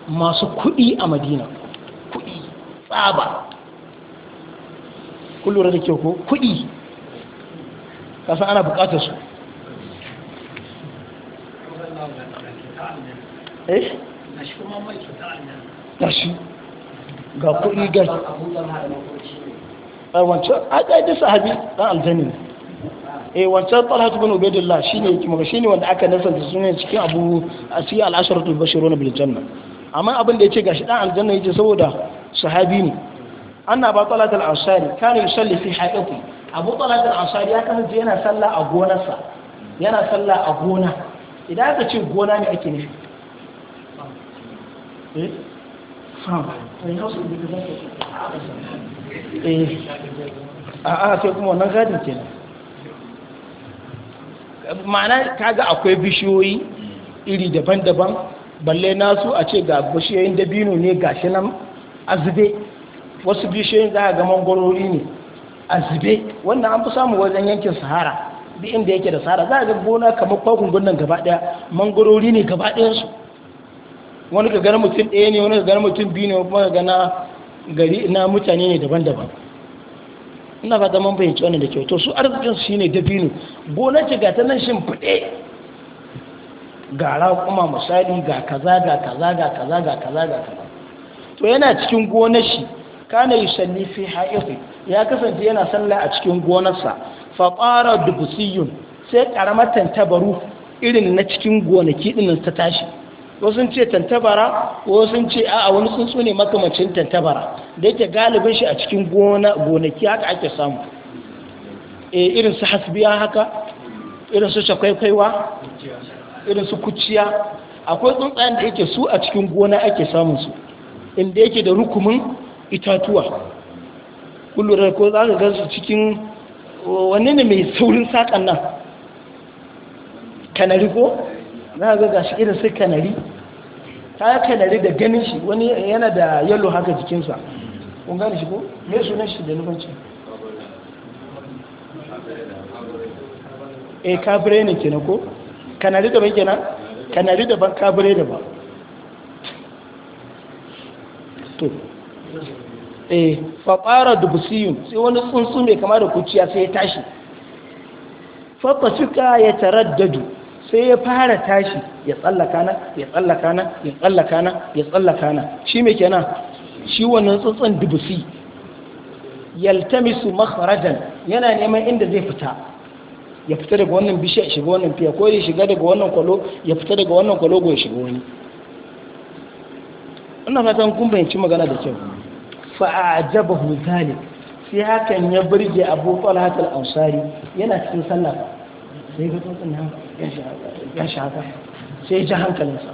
S1: masu kuɗi a madina
S2: kuɗi tsaba
S1: kun da kyau ko kuɗi kasan ana buƙatar su eh gashi
S2: ga kuɗi gashi
S1: a eh, wancan haɗa sahabi ɗan aljani a eh, wancan talha tukun ubaidullah shi ne kuma shi ne wanda aka nasanta sunan cikin abu a cikin al'asharar tulbashir wani biljanna amma abin da ya ce gashi ɗan aljanna ya ce saboda sahabi ne an na ba talha al'asari kane yi salli fi haƙaƙi abu talha al'asari ya kasance yana sallah a gonarsa yana sallah a gona idan aka ce gona ne ake nufi eh? Eh, a'a sai kuma wannan gadin ke ma'ana kaga akwai bishiyoyi iri daban-daban balle nasu a ce ga bishiyoyin dabino ne ga shi nan azube wasu bishiyoyin za a ga mangwarori ne azube wannan an fi samu wajen yankin sahara duk inda yake da sahara za a ga gona kamar kwakwun gunan gaba daya mangwarori ne gaba dayansu wani ka gani mutum ɗaya ne wani ka gani mutum biyu ne wani ka gana gari na mutane ne daban-daban ina fata man fahimci wannan da kyau to su arzikin su shine dabino Gona ce ga ta nan shimfiɗe Gara kuma misali ga kaza ga kaza ga kaza ga kaza ga kaza to yana cikin gonar shi kana salli fi ha'ifi ya kasance yana sallah a cikin gonarsa fa qara dubusiyun sai karamar tantabaru irin na cikin gonaki dinnan ta tashi wasu ce tantabara wasu ce a wani tsuntsu ne makamacin tantabara da yake galibin shi a cikin gona gonaki haka ake samu eh, irin su hasbiya haka irin su shakwaikwaiwa irin su kuciya akwai tsuntsayen da yake su a cikin gona ake samun su inda yake da rukumin itatuwa kullum ko za ka gan su cikin wani ne mai saurin saƙan nan kanari ko na ga gashi irin su kanari ta kanari da ganin shi wani yana da yalo haka jikinsa kun gani shi ko me sunan shi da nufanci
S2: a eh, kabire
S1: ne kenan ko kanari daban kenan kanari daban kabire daban to e eh, faɓara dubusiyun sai wani tsuntsu mai kama da kuciya sai ya tashi faɓa suka ya taraddadu sai ya fara tashi ya tsallaka na ya tsallaka na ya tsallaka na ya tsallaka na shi mai kenan shi wannan tsuntsun dubusi yaltamisu makharajan yana neman inda zai fita ya fita daga wannan bishiya ya shiga wannan fiya ko ya shiga daga wannan kwalo ya fita daga wannan kwalo ko ya shiga wani ina fatan kun bayyanci magana da kyau fa ajabahu zalik sai hakan ya burge Abu Talha al-Ansari yana cikin sallah sai ga tsotsin nan ya shi haka sai ji hankalinsa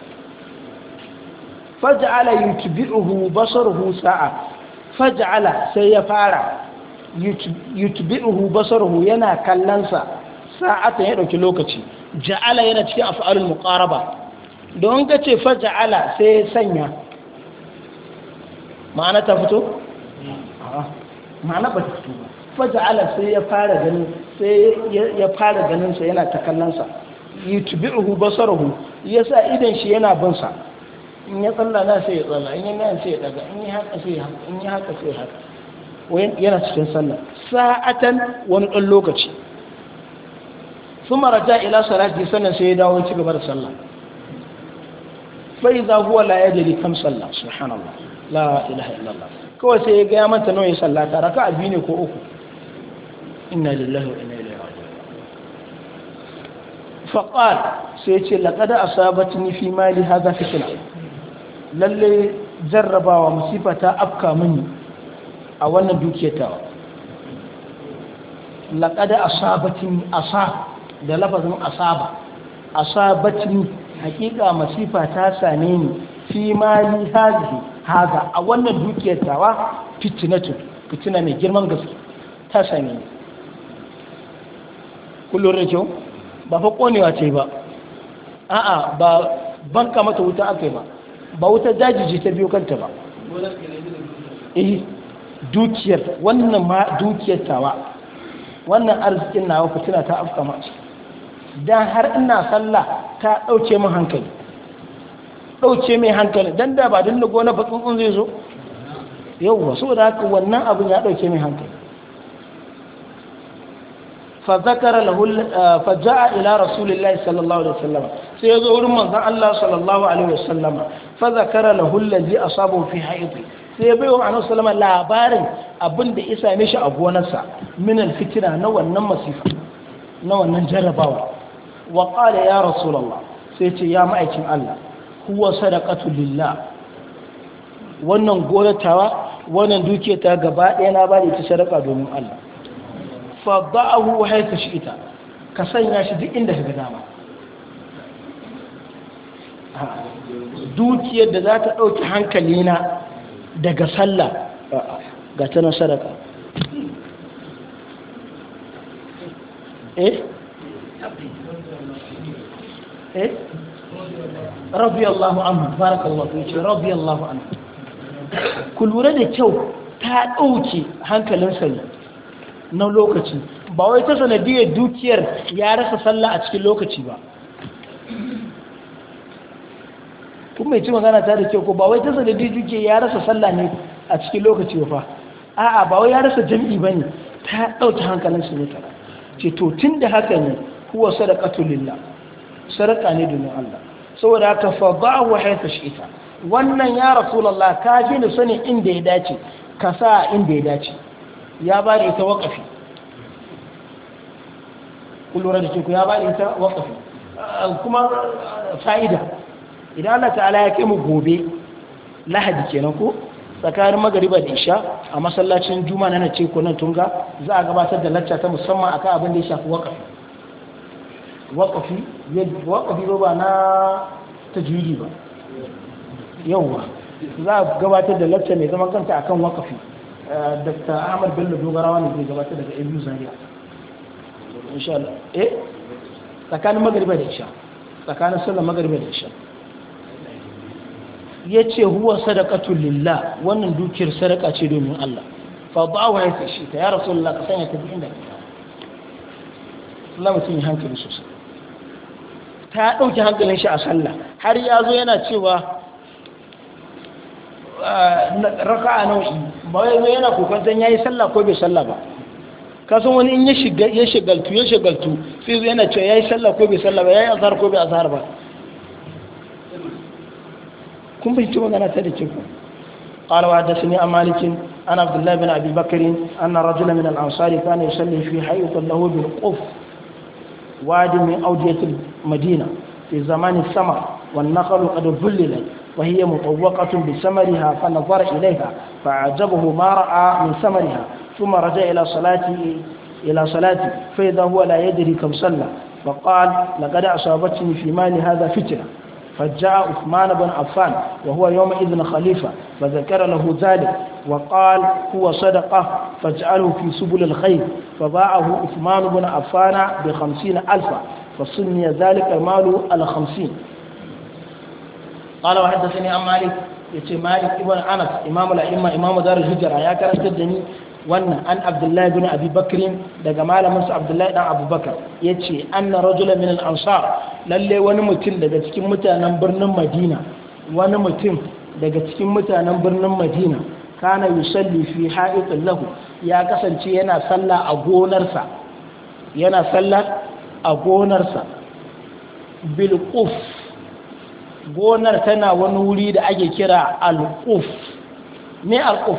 S1: faj'ala yutbi'uhu basaruhu sa'a faj'ala sai ya fara yutbi'uhu basaruhu yana kallansa sa'atan ya dauki lokaci ja'ala yana cikin af'alul muqaraba don ka ce faj'ala sai sanya ma'ana ta fito ma'ana ba ta fito ba faja'ala sai ya fara ganin sai ya fara ganin sa yana ta kallon sa yutbi'uhu basarahu yasa idan shi yana bin sa in ya tsalla na sai ya tsalla in ya nan sai ya daga in ya haka sai haka in ya haka sai haka wayan yana cikin sallah sa'atan wani dan lokaci thumma raja ila salati sannan sai ya dawo ya ci gaba da sallah fa idza huwa la yadri kam sallah subhanallah la ilaha illallah kawai sai ya ga mata nawa ya sallata raka'a biyu ne ko uku inna lillahi wa inna ilaihi raji'un faqal sai ce laqad asabatni fi mali hadha fitna lalle jarrabawa musifa ta afka mini a wannan dukiyatawa laqad asabatni asa da lafazin asaba asabatni hakika masifa ta same ni fi mali hadhi hadha a wannan dukiyatawa fitnatun fitina mai girman gaske ta same ni kullum da kyau ba fa konewa ce ba a'a ba banka mata wuta aka ba ba wuta dajiji ta biyo kanta ba eh dukiyar wannan ma dukiyar tawa wannan arzikin nawa fitina ta afka ma dan har ina sallah ta dauke min hankali dauke mai hankali dan da ba dinda gona ba tsuntsun zai zo yauwa saboda haka wannan abin ya dauke min hankali فذكر له فجاء الى رسول الله صلى الله عليه وسلم sai ya zo wurin manzon Allah sallallahu alaihi wasallam fa zakara lahu allazi asabahu fi haidi sai ya bayo annabi sallama labarin abin da ya same a gonarsa min alfitna na wannan masifa na wannan jarabawa wa qala ya rasulullah sai ce ya ma'aikin Allah huwa sadaqatu lillah wannan gonatawa wannan duke ta gaba ɗaya na bada ita sadaka domin Allah fadda'ahu haythu ita ka sanya shi duk inda ka dama dukiyar da za ta ɗauki hankali na daga sallah ga ta na eh eh barakallahu ku lura da kyau ta ɗauke hankalin sallah na lokaci ba wai ta sanadiyar dukiyar ya rasa sallah a cikin lokaci ba Kuma mai ci magana ta da kyau ko ba wai ta sanadiyar dukiyar ya rasa sallah ne a cikin lokaci ba a'a ba wai ya rasa jam'i ba ne ta ɗauki hankalin su mutara tara ce to tun da haka ne kuwa sadaqatu lillah sadaka ne domin Allah saboda haka fa ba'u shi ita wannan ya rasu ka ji ni sani inda ya dace ka sa inda ya dace ya ba da ita waƙafi kullum da teku ya ba da ita waƙafi kuma fa'ida idan Allah ta'ala ya kai mu gobe lahadi kenan ko tsakanin magariba da isha a masallacin juma na nace ko nan tunga za a gabatar da lacca ta musamman akan abin da ya shafi waƙafi waƙafi ba na tajwidi ba yawwa za a gabatar da lacca mai zaman kanta akan waƙafi dr ahmad bello dogarawa ne zai gabata daga abu zaria insha Allah eh tsakanin magariba da isha tsakanin sallar magariba da isha ya ce huwa sadakatu lillah wannan dukiyar sadaka ce domin Allah fa ba wa yake shi ta ya rasulullah ka sanya ta bi inda ka Allah mutum ya hankali sosai ta dauki hankalin shi a sallah har ya zo yana cewa Raka a nau'i. wai yana kokon ya yi sallah ko bai sallah ba kasan wani in ya ya shigaltu ya shigaltu sai zai yana cewa yayi sallah ko bai sallah ba yayi azhar ko bai azhar ba kun bai ci magana ta da ke ku قال وحدثني عن مالك عن عبد الله بن ابي بكر ان رجلا من الانصار كان يصلي في حيط له بالقف واد من اوديه المدينه في زمان السمر والنخل قد ظللت وهي مطوقة بثمرها فنظر إليها فعجبه ما رأى من ثمرها ثم رجع إلى صلاته إلى صلاته فإذا هو لا يدري كم صلى فقال لقد أصابتني في مال هذا فتنة فجاء عثمان بن عفان وهو يومئذ خليفة فذكر له ذلك وقال هو صدقة فاجعله في سبل الخير فباعه عثمان بن عفان بخمسين ألفا فسمي ذلك المال الخمسين قال وحدثني عن مالك يتي مالك ابن أنس إمام الأئمة إمام دار الهجرة يا كرشت الدني wannan an abdullahi bin abi daga malaminsa abdullahi dan abubakar ya ce anna rajula min al-ansar wani mutum daga cikin mutanen birnin madina wani mutum daga cikin mutanen birnin madina kana yusalli fi ha'iqin lahu ya kasance yana sallah a gonarsa yana sallah a gonarsa bil gonar tana wani wuri da ake kira alƙuf ne alƙuf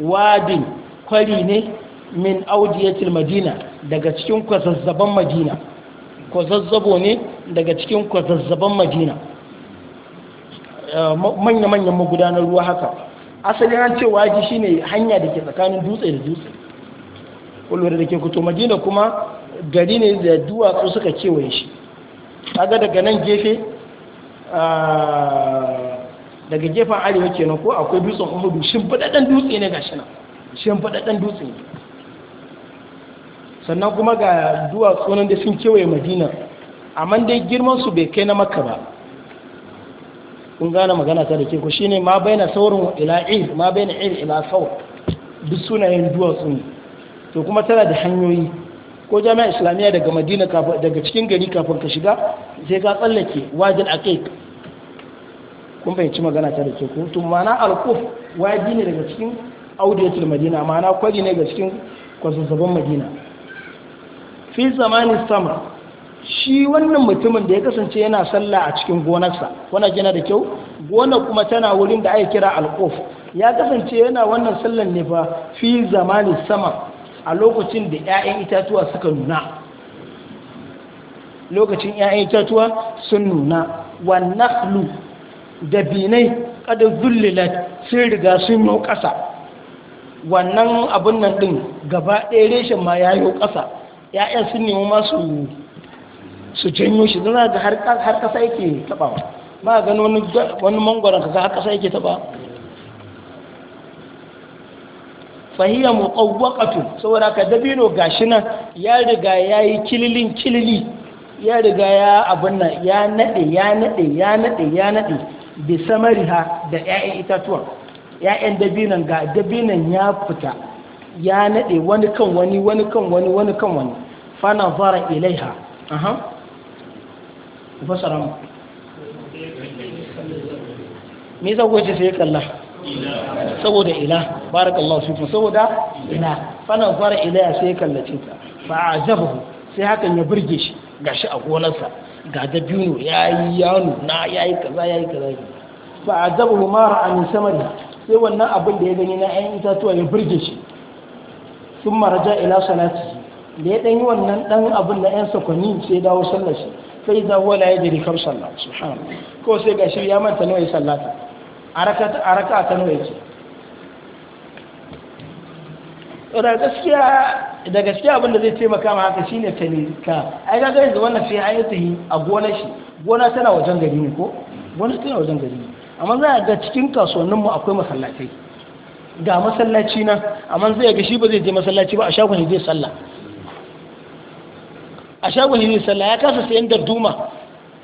S1: wadin kwari ne min audiyatul madina daga cikin kwazazzaban madina kwazazzabo ne daga cikin kwazazzaban madina eh, manya-manyan magudanar ruwa haka asali an ce waji shine hanya da ke tsakanin dutse da dutse kulwar da ke kuto madina kuma gari ne da duwatsu suka kewaye shi kaga daga nan gefe Ah, daga gefen arewa kenan ko akwai dutsen uhudu shimfiɗaɗɗen dutse ne gashi nan shimfiɗaɗɗen dutse ne sannan kuma ga duwatsu nan da sun kewaye madina amma dai girman su bai kai na makka ba kun gane magana ta da ke ku shine ma baina saurin ila ir ma baina ir ila saur duk sunayen duwatsu ne to kuma tana da hanyoyi ko jami'a islamiyya daga madina daga cikin gari kafin ka shiga sai ka tsallake wajin aqiq kun fahimci magana ta da ke ko tun mana alquf waji ne daga cikin audiyatul madina mana kwari ne daga cikin kwasasaban madina fi zamanin sama shi wannan mutumin da ya kasance yana sallah a cikin gonarsa wannan gina da kyau gona kuma tana wurin da ake kira alquf ya kasance yana wannan sallan ne fa fi zamanin sama a lokacin da 'ya'yan itatuwa suka nuna lokacin 'ya'yan itatuwa sun nuna wannaklu da binai kada zullila sun riga sun yi ƙasa wannan abin nan ɗin gaba ɗaya reshen ma ya yi ƙasa 'ya'yan sun nemi masu su janyo shi zana da har ƙasa yake taɓawa ma gano wani mangwaron ka a ƙasa yake taɓawa fahiya muqawwaqatu saboda ka dabino gashi nan ya riga ya yi kililin kilili ya riga ya abin nan ya naɗe, ya naɗe, ya naɗe, ya nade bi ha, da ƴaƴan itatuwa ƴaƴan dabinon ga dabinon ya fita ya naɗe wani kan wani wani kan wani wani kan wani fa fara ilaiha aha fasara mu me yasa gwaje sai kalla saboda ila barakallahu fikum saboda ila fana fara ila sai ya kallace ta fa ajabahu sai hakan ya burge shi gashi a gonar sa ga dabino yayi yanu na yayi kaza yayi kaza fa ajabahu ma ra'a min samari sai wannan abin da ya gani na ayin itatuwa ya burge shi sun maraja ila salati da ya dan wannan dan abin da ayan sakonni sai dawo sallar shi sai da wala ya jiri kam sallah subhanahu ko sai gashi ya manta nawa ya sallata a raka ta nuna yake da gaskiya abinda zai taimaka ma haka shine ta ne ka ai ga da wannan sai an yi tahi a gonar shi gona tana wajen gari ne ko gona tana wajen gari ne amma za a ga cikin kasuwannin mu akwai masallatai ga masallaci na amma zai ga shi ba zai je masallaci ba a shagon zai sallah a shagon zai sallah ya kasa sayan darduma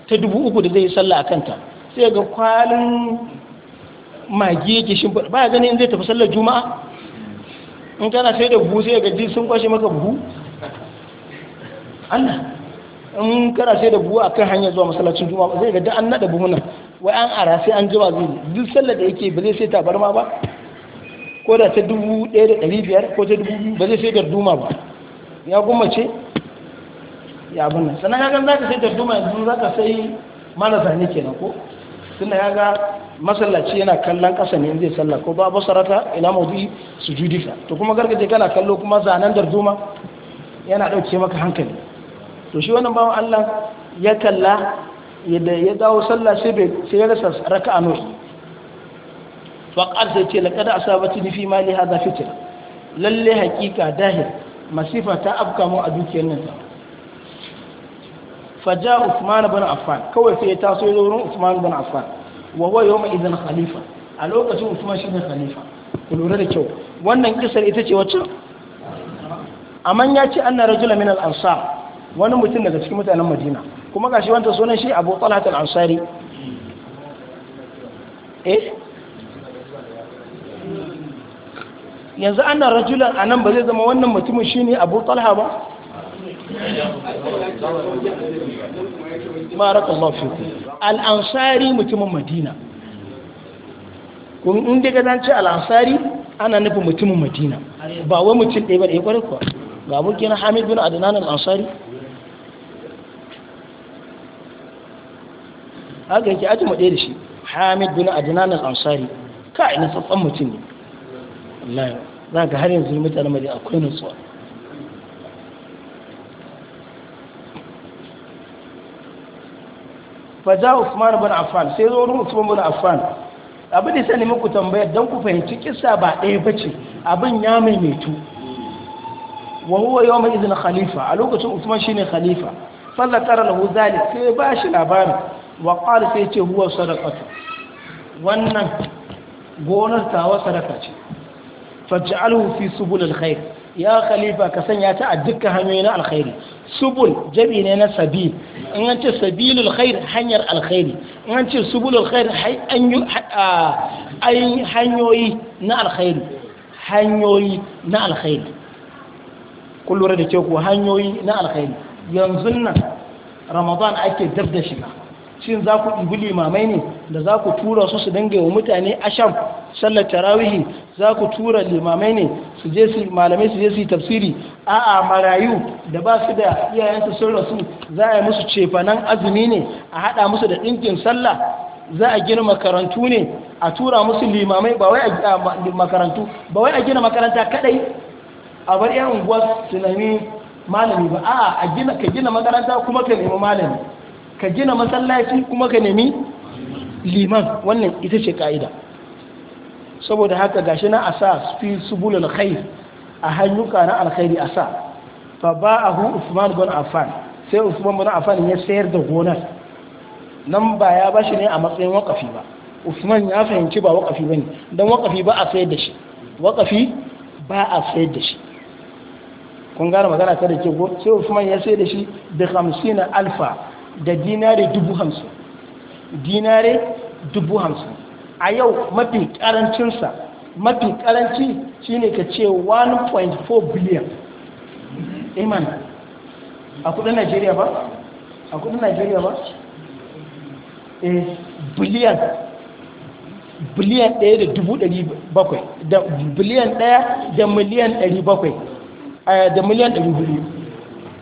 S1: ta dubu uku da zai yi sallah a kanta sai ga kwalin magi yake shi ba ya ganin zai tafi sallar juma'a in kana sai da buhu sai ya gaji sun kwashe maka buhu allah in kana sai da buhu a kan hanyar zuwa masallacin juma'a zai gaji an naɗa buhunan wai an ara sai an jima zuwa duk sallar da yake ba zai sai ta barma ba ko da ta dubu ɗaya da ɗari biyar ko ta dubu biyu ba zai sai darduma ba ya ce ya abin nan sannan ya gan za ka sai darduma yanzu za ka sai marasa ne kenan ko tunda ya ga masallaci yana kallon ƙasa ne zai sallah ko ba basarata ila mawdi sujudika to kuma gargaje kana kallo kuma zanen darduma yana dauke maka hankali to shi wannan bawan Allah ya kalla yadda ya dawo sallah sai bai sai ya rasa raka'a nawa fa qad sai ce laqad asabati fi mali hadha lallai lalle haqiqa dahir masifa ta afka mu a dukiyar nan ta faja usman bin Affan kawai sai ya taso ya zo wurin usman bin Affan wa huwa yawma idan khalifa a lokacin Usman shi ne khalifa ku lura da kyau wannan kisar ita ce wacce amman ya ce anna rajula min al-ansar wani mutum daga cikin mutanen Madina kuma gashi wanda sunan shi Abu Talha al-Ansari eh yanzu rajula a nan ba zai zama wannan mutumin shine Abu Talha ba barakallahu fiku al mutumin madina kun inda ga zance al ana nufin mutumin madina ba wa mutum ɗaya ba da ya kwarai kuwa ga abokin hamid bin adnan Al'ansari, ansari
S2: haka yake ajima ɗaya da shi hamid bin adana na
S1: al'ansari ka ina tsatsan mutum ne wallahi za ka har yanzu mutanen madina akwai nutsuwa faja usman bin affan sai zo wurin usman bin affan abin da sai muku tambaya dan ku fahimci kissa ba ɗaya bace abin ya maimaitu wa huwa yawma idhin khalifa a lokacin usman shine khalifa fallakar lahu zalik sai ba shi labarin wa qala sai ce huwa sadaqatu wannan gonar wa sadaka ce faj'alhu fi subul alkhair ya khalifa ka sanya ta a dukkan hanyoyin na alkhairi subul jabi ne na sabil in an ce sabilul khair hanyar alkhairi in an ce subulul khair hanyoyi na alkhairi hanyoyi na alkhairi da ke ku hanyoyi na alkhairi yanzu nan ramadan ake dab da shiga shin za ku ibuli limamai ne da za ku tura su su dinga wa mutane asham sallar tarawihi za ku tura limamai ne su je su malamai su je su yi tafsiri a'a marayu da ba su da iyayensu sun rasu za a yi musu cefanen azumi ne a haɗa musu da ɗinkin sallah za a gina makarantu ne a tura musu limamai ba wai a gina makarantu ba wai a gina makaranta kadai a bar yan unguwa su nemi malami ba a'a a gina ka gina makaranta kuma ka nemi malami ka gina masallaci kuma ka nemi liman wannan ita ce ka'ida saboda haka gashi na asa fi subulul khair a hanyuka na alkhairi a sa fa ba'ahu usman bin Affan sai usman bin Affan ya sayar da gonar nan ba ya bashi ne a matsayin wakafi ba usman ya fahimci ba wakafi bane dan wakafi ba a sayar da shi wakafi ba a sayar da shi kun gane magana ta da ke go sai usman ya sayar da shi da 50 alfa da dinare dubu hamsin dinare dubu hamsin a yau mafi karancinsa mafi karanci shi ne ka ce 1.4 biliyan iman a kudin najeriya ba a kudin najeriya ba eh biliyan biliyan daya da dubu biliyan daya da miliyan 700 da miliyan biliyu.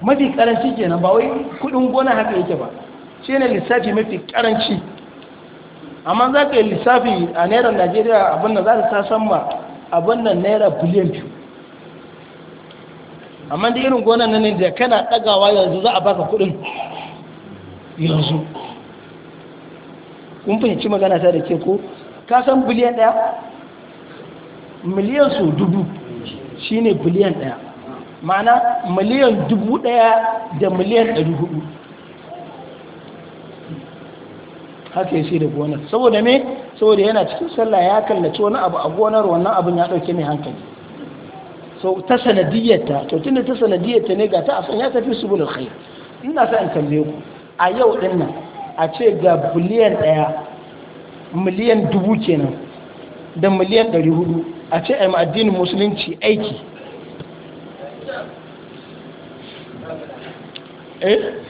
S1: mafi karanci kenan ba wai kudin gona haka yake ba shi ne lissafi mafi karanci amma za ka yi lissafi a naira najeriya abin da za ta san ma abin nan naira biliyan biyu amma da irin gonan na da kana ɗagawa yanzu za a baka kuɗin yanzu kun fahimci magana ta da ke ko ka san biliyan ɗaya miliyan su dubu shine biliyan ɗaya ma'ana miliyan dubu ɗaya da miliyan ɗari hudu haka ya da gonar saboda me saboda yana cikin sallah ya kallaci wani abu a gonar wannan abun ya dauke mai hankali so ta sanadiyyarta to tunda ta sanadiyyarta ne ga ta a san ya tafi subulul khair ina sa in kalle ku a yau din nan a ce ga biliyan daya miliyan dubu kenan da miliyan ɗari hudu a ce a addinin musulunci aiki eh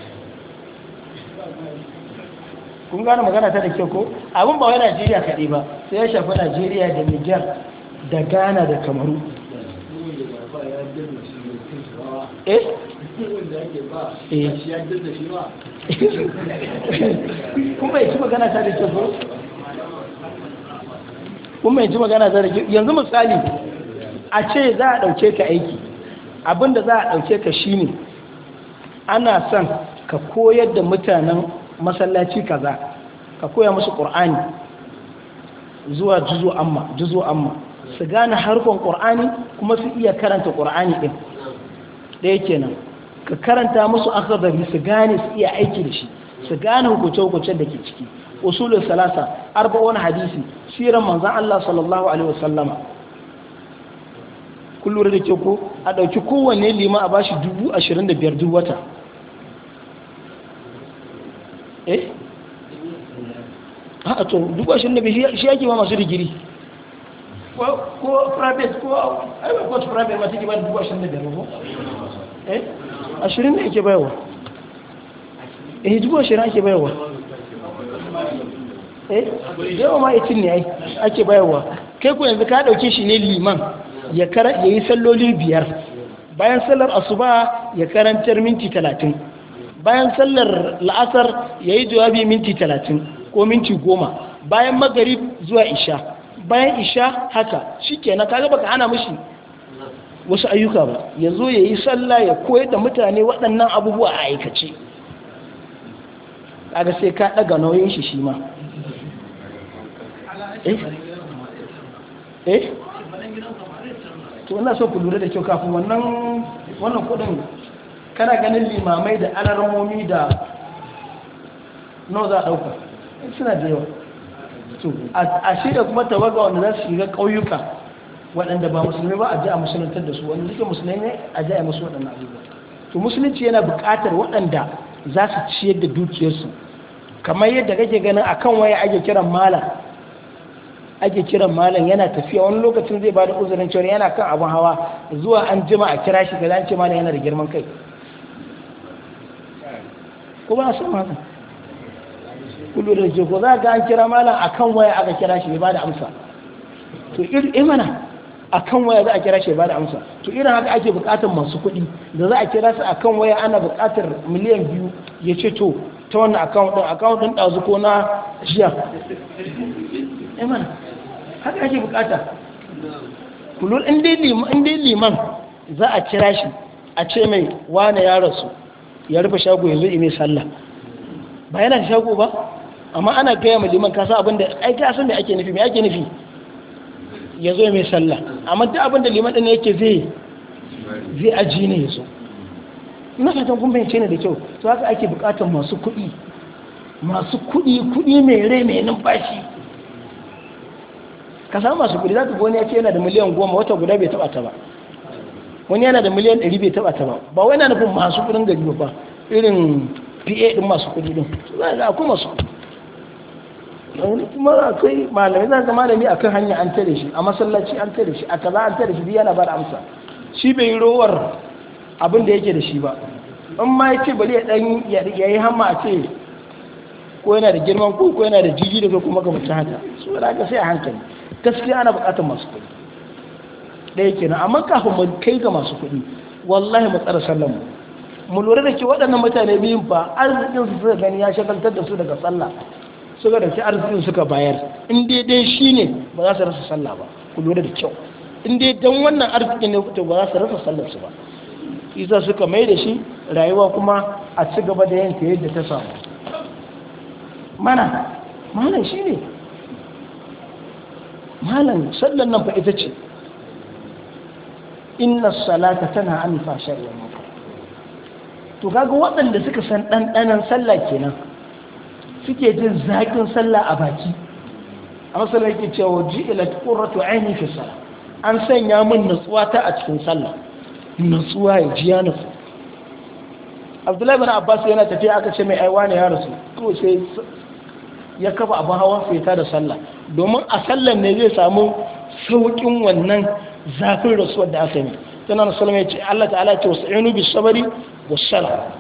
S1: kun gane magana ta da ke ko abin ba wai najeriya kaɗai ba sai ya shafi najeriya da niger da ghana da kamaru eh? Eh. kun kuma ci magana ta da ke yanzu misali a ce za a ɗauke ka aiki abinda za a ɗauke ka shine ana son ka koyar da mutanen masallaci kaza ka koya musu qur'ani zuwa juzu amma juzu amma su gane harkon qur'ani kuma su iya karanta qur'ani din ɗaya kenan ka karanta musu akhdari su gane su iya aiki da shi su gane hukuce hukuce da ke ciki usulul salasa arba'un hadisi siran manzon Allah sallallahu alaihi wasallama kun da ke ko a ɗauki kowanne lima a bashi dubu ashirin da biyar duk wata eh a to duk washin da shi yake ma masu digiri ko private ko aiwa ko su private masu ke ba duk washin da biyar eh ashirin da yake bayawa eh duk washin ake bayawa eh yawa ma itin ne ake bayawa eh, eh? kai ku yanzu ka dauke shi ne liman ya yi salloli biyar bayan sallar asuba ya karantar minti talatin bayan sallar la'asar ya yi jawabi minti talatin ko minti goma bayan magarib zuwa isha bayan isha haka shi ke na kaga baka hana mashi wasu ayyuka ba ya zo ya yi sallah ya koyar da mutane waɗannan abubuwa a aikace kaga sai ka ɗaga nauyin shi shi ma eh, eh? to ina so ku lura da kyau kafin wannan wannan kudin kana ganin limamai da alarmomi da noza za a ɗauka suna da yawa a shirya kuma tawaga wanda za su shiga ƙauyuka waɗanda ba musulmi ba a ji a musuluntar da su wanda suke musulmi ne a ji a musu waɗannan abubuwa to musulunci yana buƙatar waɗanda za su ciyar da dukiyarsu kamar yadda kake ganin akan waya ake kiran malam ake kiran malam yana tafiya wani lokacin zai bada uzurin cewa yana kan abun hawa zuwa an jima a kira shi ga an ce malam yana da girman kai ko ba su haka kullu da ke ko za ka an kira malam akan waya aka kira shi ba da amsa to irin imana eh akan waya za a kira shi ba da amsa to irin haka ake bukatar masu kuɗi da za a kira su akan waya ana bukatar miliyan biyu ya ce to ta wannan account din account din ɗazu ko na jiya imana eh haka ake bukata
S2: kullu in dai liman
S1: za a kira shi a ce mai wane ya rasu ya rufe shago yanzu ime sallah ba yana da shago ba amma ana gaya ma liman kasa abinda da ai ka san me ake nufi me ake nufi ya zo mai sallah amma duk abinda da liman din yake zai zai aji ne yazo zo ina fatan kun bayyance ne da kyau to haka ake buƙatar masu kuɗi masu kuɗi kuɗi mai rai mai numfashi ka samu masu kuɗi za ka gani ya ce yana da miliyan goma wata guda bai taɓa ta ba wani yana da miliyan 100 bai taba taba ba ba wai na nufin masu kudin gari ba irin pa din masu kudi din za ga kuma su, wani kuma akwai malami za ga malami akan hanya an tare shi a masallaci an tare shi a kaza an tare shi biya ba da amsa shi bai yi rowar abin da yake da shi ba in ma ya ce bari ya dan ya yi hamma a ce ko yana da girman ko ko yana da jiji da kuma kamar haka su da haka sai a hankali gaskiya ana bukatar masu kudi ɗaya kenan amma kafin mu kai ga masu kuɗi wallahi mu tsara sallan mu mu lura da ke waɗannan mutane biyun fa arzikin su suka gani ya shagaltar da su daga sallah suka ke arzikin suka bayar in dai dai shi ne ba za su rasa sallah ba ku lura da kyau in dai dan wannan arzikin ne ba za su rasa sallar su ba isa suka mai da shi rayuwa kuma a ci gaba da yanta yadda ta samu mana malam ne? malam sallan nan fa ita ce inna salata tana an fashar wa to kaga waɗanda suka san ɗanɗanan sallah kenan suke jin zaƙin sallah a baki a masalar yake cewa ji'ilat qurratu aini fi salah an sanya min natsuwa ta a cikin sallah natsuwa ya ji ya abdullahi bin abbas yana tafiya aka ce mai aiwa ne ya rasu to sai ya kafa abin hawan fita da sallah domin a sallan ne zai samu sauƙin wannan zafin rasuwar da aka yi tana na salama ya ce Allah ta ya wasu ainihin bi sabari wa sala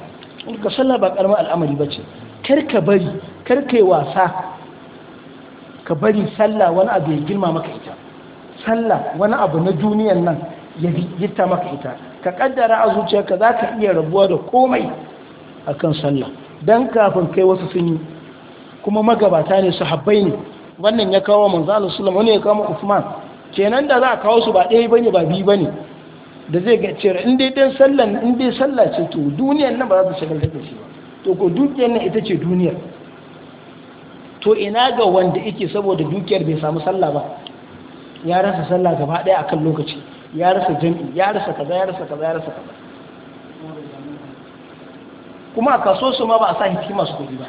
S1: ka sallah ba karamar al'amari ba ce kar ka bari kar yi wasa ka bari sallah wani abu ya girma maka ita sallah wani abu na duniyan nan ya gitta maka ita ka kaddara a zuciyarka za ka iya rabuwa da komai a kan salla don kafin kai wasu sun yi kuma magabata ne su habbai ne wannan ya kawo manzo Allah ya kawo Usman. kenan da za a kawo su ba ɗaya ne ba biyu ba ne. da zai ga cewa in dai dan sallan in dai sallah ce to duniyar nan ba za ta shagal da shi ba to ko dukiyar nan ita ce duniyar to ina ga wanda yake saboda dukiyar bai samu sallah ba ya rasa sallah gaba ɗaya akan lokaci ya rasa jami'i ya rasa kaza ya rasa kaza ya rasa kaza
S2: kuma a kaso su ma ba a sa hikima su kudi ba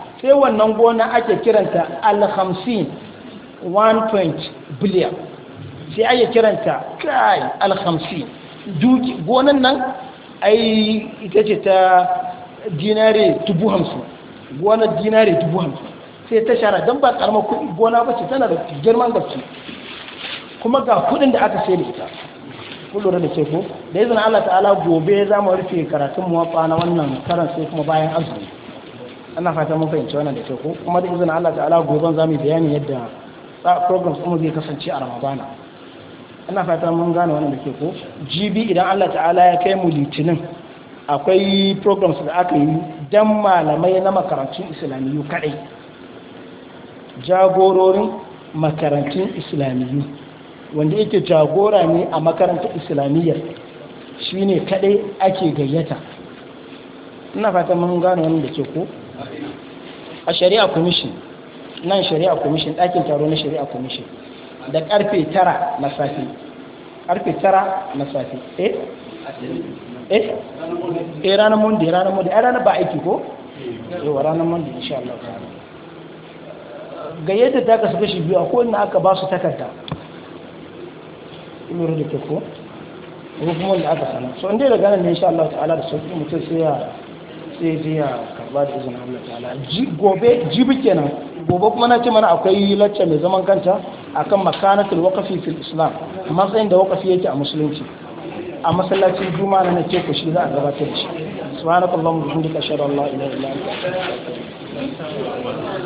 S1: sai wannan gona ake kiranta alhamsin 1.0 billion sai ake kiranta kai alhamsin duki gonan nan ai ita ce ta dinare dubu hamsin gonar dinare dubu hamsin sai ta shara don ba karamar kudi gona ba ce tana da girman gaske kuma ga kudin da aka sai da ita kullum da ke ko da izinin allah ta'ala gobe za mu rufe karatun muwafa na wannan karan sai kuma bayan azumi ana fata mun fahimci wannan da kyau kuma da izinin Allah ta'ala za mu bayani yadda programs kuma zai kasance a Ramadana ana fata mun gane wannan da ke GB idan Allah ta'ala ya kai mu litinin akwai programs da aka yi dan malamai na makarantun islamiyu kadai jagororin makarantun islamiyu wanda yake jagora ne a makarantar islamiyyar shine kadai ake gayyata ina fata mun gane wannan da ke a shari'a commission nan shari'a commission ɗakin taro na shari'a commission da karfe tara na safe karfe tara na safe eh eh eh ranar monday ranar monday ai ranar ba aiki ko yawa ranar monday insha Allah ta'ala ga yadda ta kasu kashi biyu a kowane aka ba su takarda lura da ke ko rukun wanda aka sana so inda da ganin ne insha Allah ta'ala da sauƙi mutum sai ya sai ya karba da izinin Allah ta'ala gobe jibi kenan gobe kuma na ce mana akwai lacca mai zaman kanta akan makanatul waqfi fil islam matsayin da waqfi yake a musulunci a masallacin juma na ce ku shi za a gabatar da shi subhanakallahumma wa bihamdika ashhadu an la ilaha illa
S2: anta